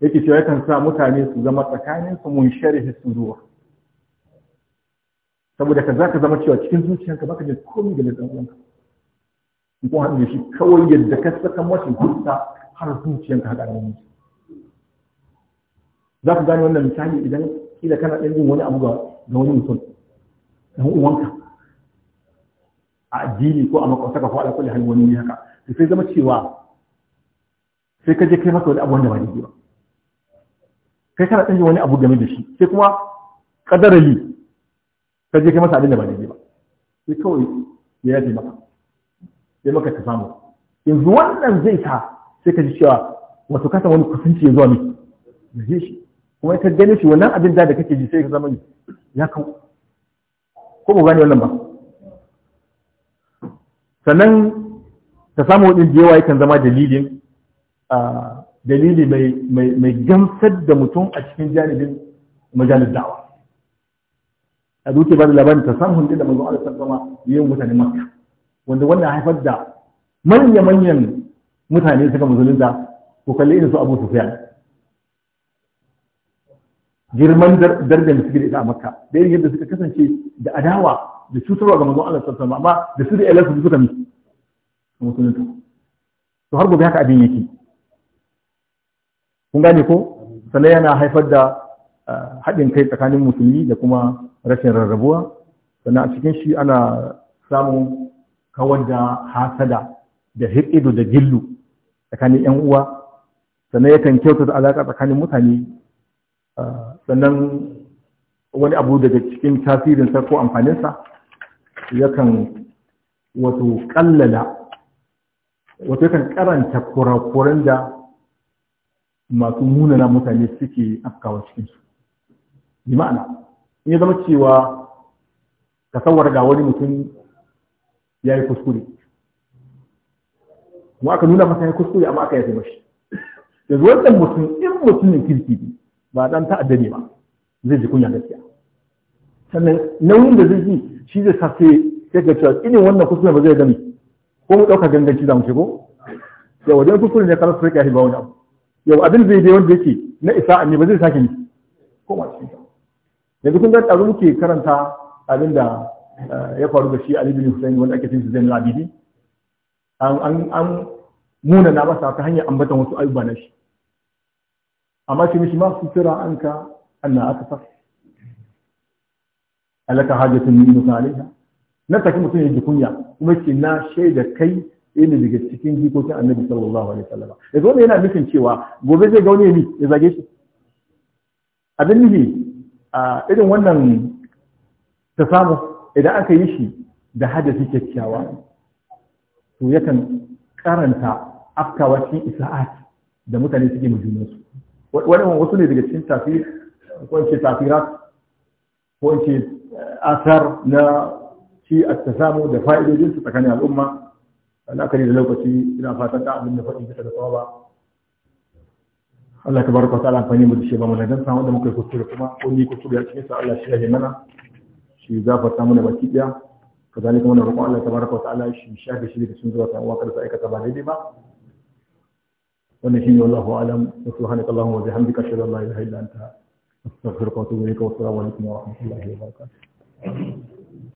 yake cewa yakan sa mutane su zama tsakanin su mun sharihi su zuwa saboda ka za ka zama cewa cikin zuciyarka baka jin komai da dan uwanka in kuma da shi kawai yadda ka saka mashi hutsa har zuciyanka haɗa da wani za ku gane wannan misali idan kila kana ɗan yin wani abu ga wani mutum ɗan uwanka a addini ko a makwasaka ko ala kulli hal wani haka to sai zama cewa sai ka je kai masa wani abu wanda ba daidai ba kai kana ɗan yin wani abu game da shi sai kuma kadarali ka je kai masa abin da ba daidai ba sai kawai ya yi maka sai maka ta samu yanzu wannan zai sa sai ka ji cewa wato ka wani kusanci ya zuwa ya zai shi kuma ka gane shi wannan abin da kake ji sai ka zama ya kawo ko ba gane wannan ba sannan ta samu wadin da yawa yakan zama dalilin dalili mai gamsar da mutum a cikin janibin majalis da'awa a duke ba da labarin ta samu hundun da mazan alasar zama yin mutane makka wanda wannan haifar da manya-manyan mutane suka musulunta ko kalli irin su abu sufiyan girman darajar da suke da ita a makka da irin yadda suka kasance da adawa da cutarwa ga mazan Allah sallallahu amma da su da iyalansu suka musulunta to har gobe haka abin yake kun gane ko sannan yana haifar da ah, haɗin kai tsakanin musulmi da kuma rashin rarrabuwa sannan a cikin shi ana samun kawar da hasada da hirido da gillu tsakanin yan uwa sannan yakan kyautata alaƙa tsakanin mutane sannan wani abu daga cikin tasirinsa ko amfaninsa yakan wato kallala wato yakan karanta kurakuran da masu munana mutane suke afkawa cikinsu bi ma'ana in ya zama cewa ka sawar ga wani mutum ya yi kuskure kuma aka nuna masa ya yi kuskure amma aka yafe mashi yanzu ɗan mutum in mutumin kirki ne ba dan ta'adda ne ba zai ji kunya gaskiya sannan nauyin da zai ji shi zai sa sai ga cewa irin wannan kuskure ba zai gani ko mu ɗauka ganganci za mu ce ko yau wajen kuskure ne karar sarki ya ba wani abu yau abin zai dai wanda yake na isa'a ne ba zai sake ni ko ma cikin yanzu kun ga tsaro muke karanta abin da ya faru da shi Ali bin Hussein wanda ake cin Zainul Labidi an an muna na masa ta hanyar ambatan wasu ayyuka na shi amma shi mishi ma sutura na anna akasar alaka hajatun min musalaiha na tafi mutum ya kunya kuma ke na shaida kai ne daga cikin jikokin annabi sallallahu alaihi wasallam yanzu wannan yana nufin cewa gobe zai ga wani ya zage shi abin nufi a irin wannan ta samu idan aka yi shi da hadasi kyakkyawa to yakan karanta afkawa cikin isa'at da mutane suke mujunan su waɗannan wasu ne daga cikin tafir ko in ce tafirat ko in ce eh, asar na shi a tasamu da fa'idojin su tsakanin al'umma na kare da lokaci ina fatan da abin da faɗi bisa da ba. Allah ta baraka ta alamfani mu da shi ba mu da dan samu da muka kuskure kuma ko ni kuskure ya ce sa Allah shi ya mana shi gafarta mana baki daya kazalika muna roƙon Allah tabaraka wa ta'ala shi shafe shi da sun zuwa ta uwa kada su aikata ba daidai ba wannan shine wallahu alam wa subhanaka allahumma wa bihamdika ashhadu an la ilaha illa anta astaghfiruka wa atubu ilayka wa assalamu alaikum wa rahmatullahi wa barakatuh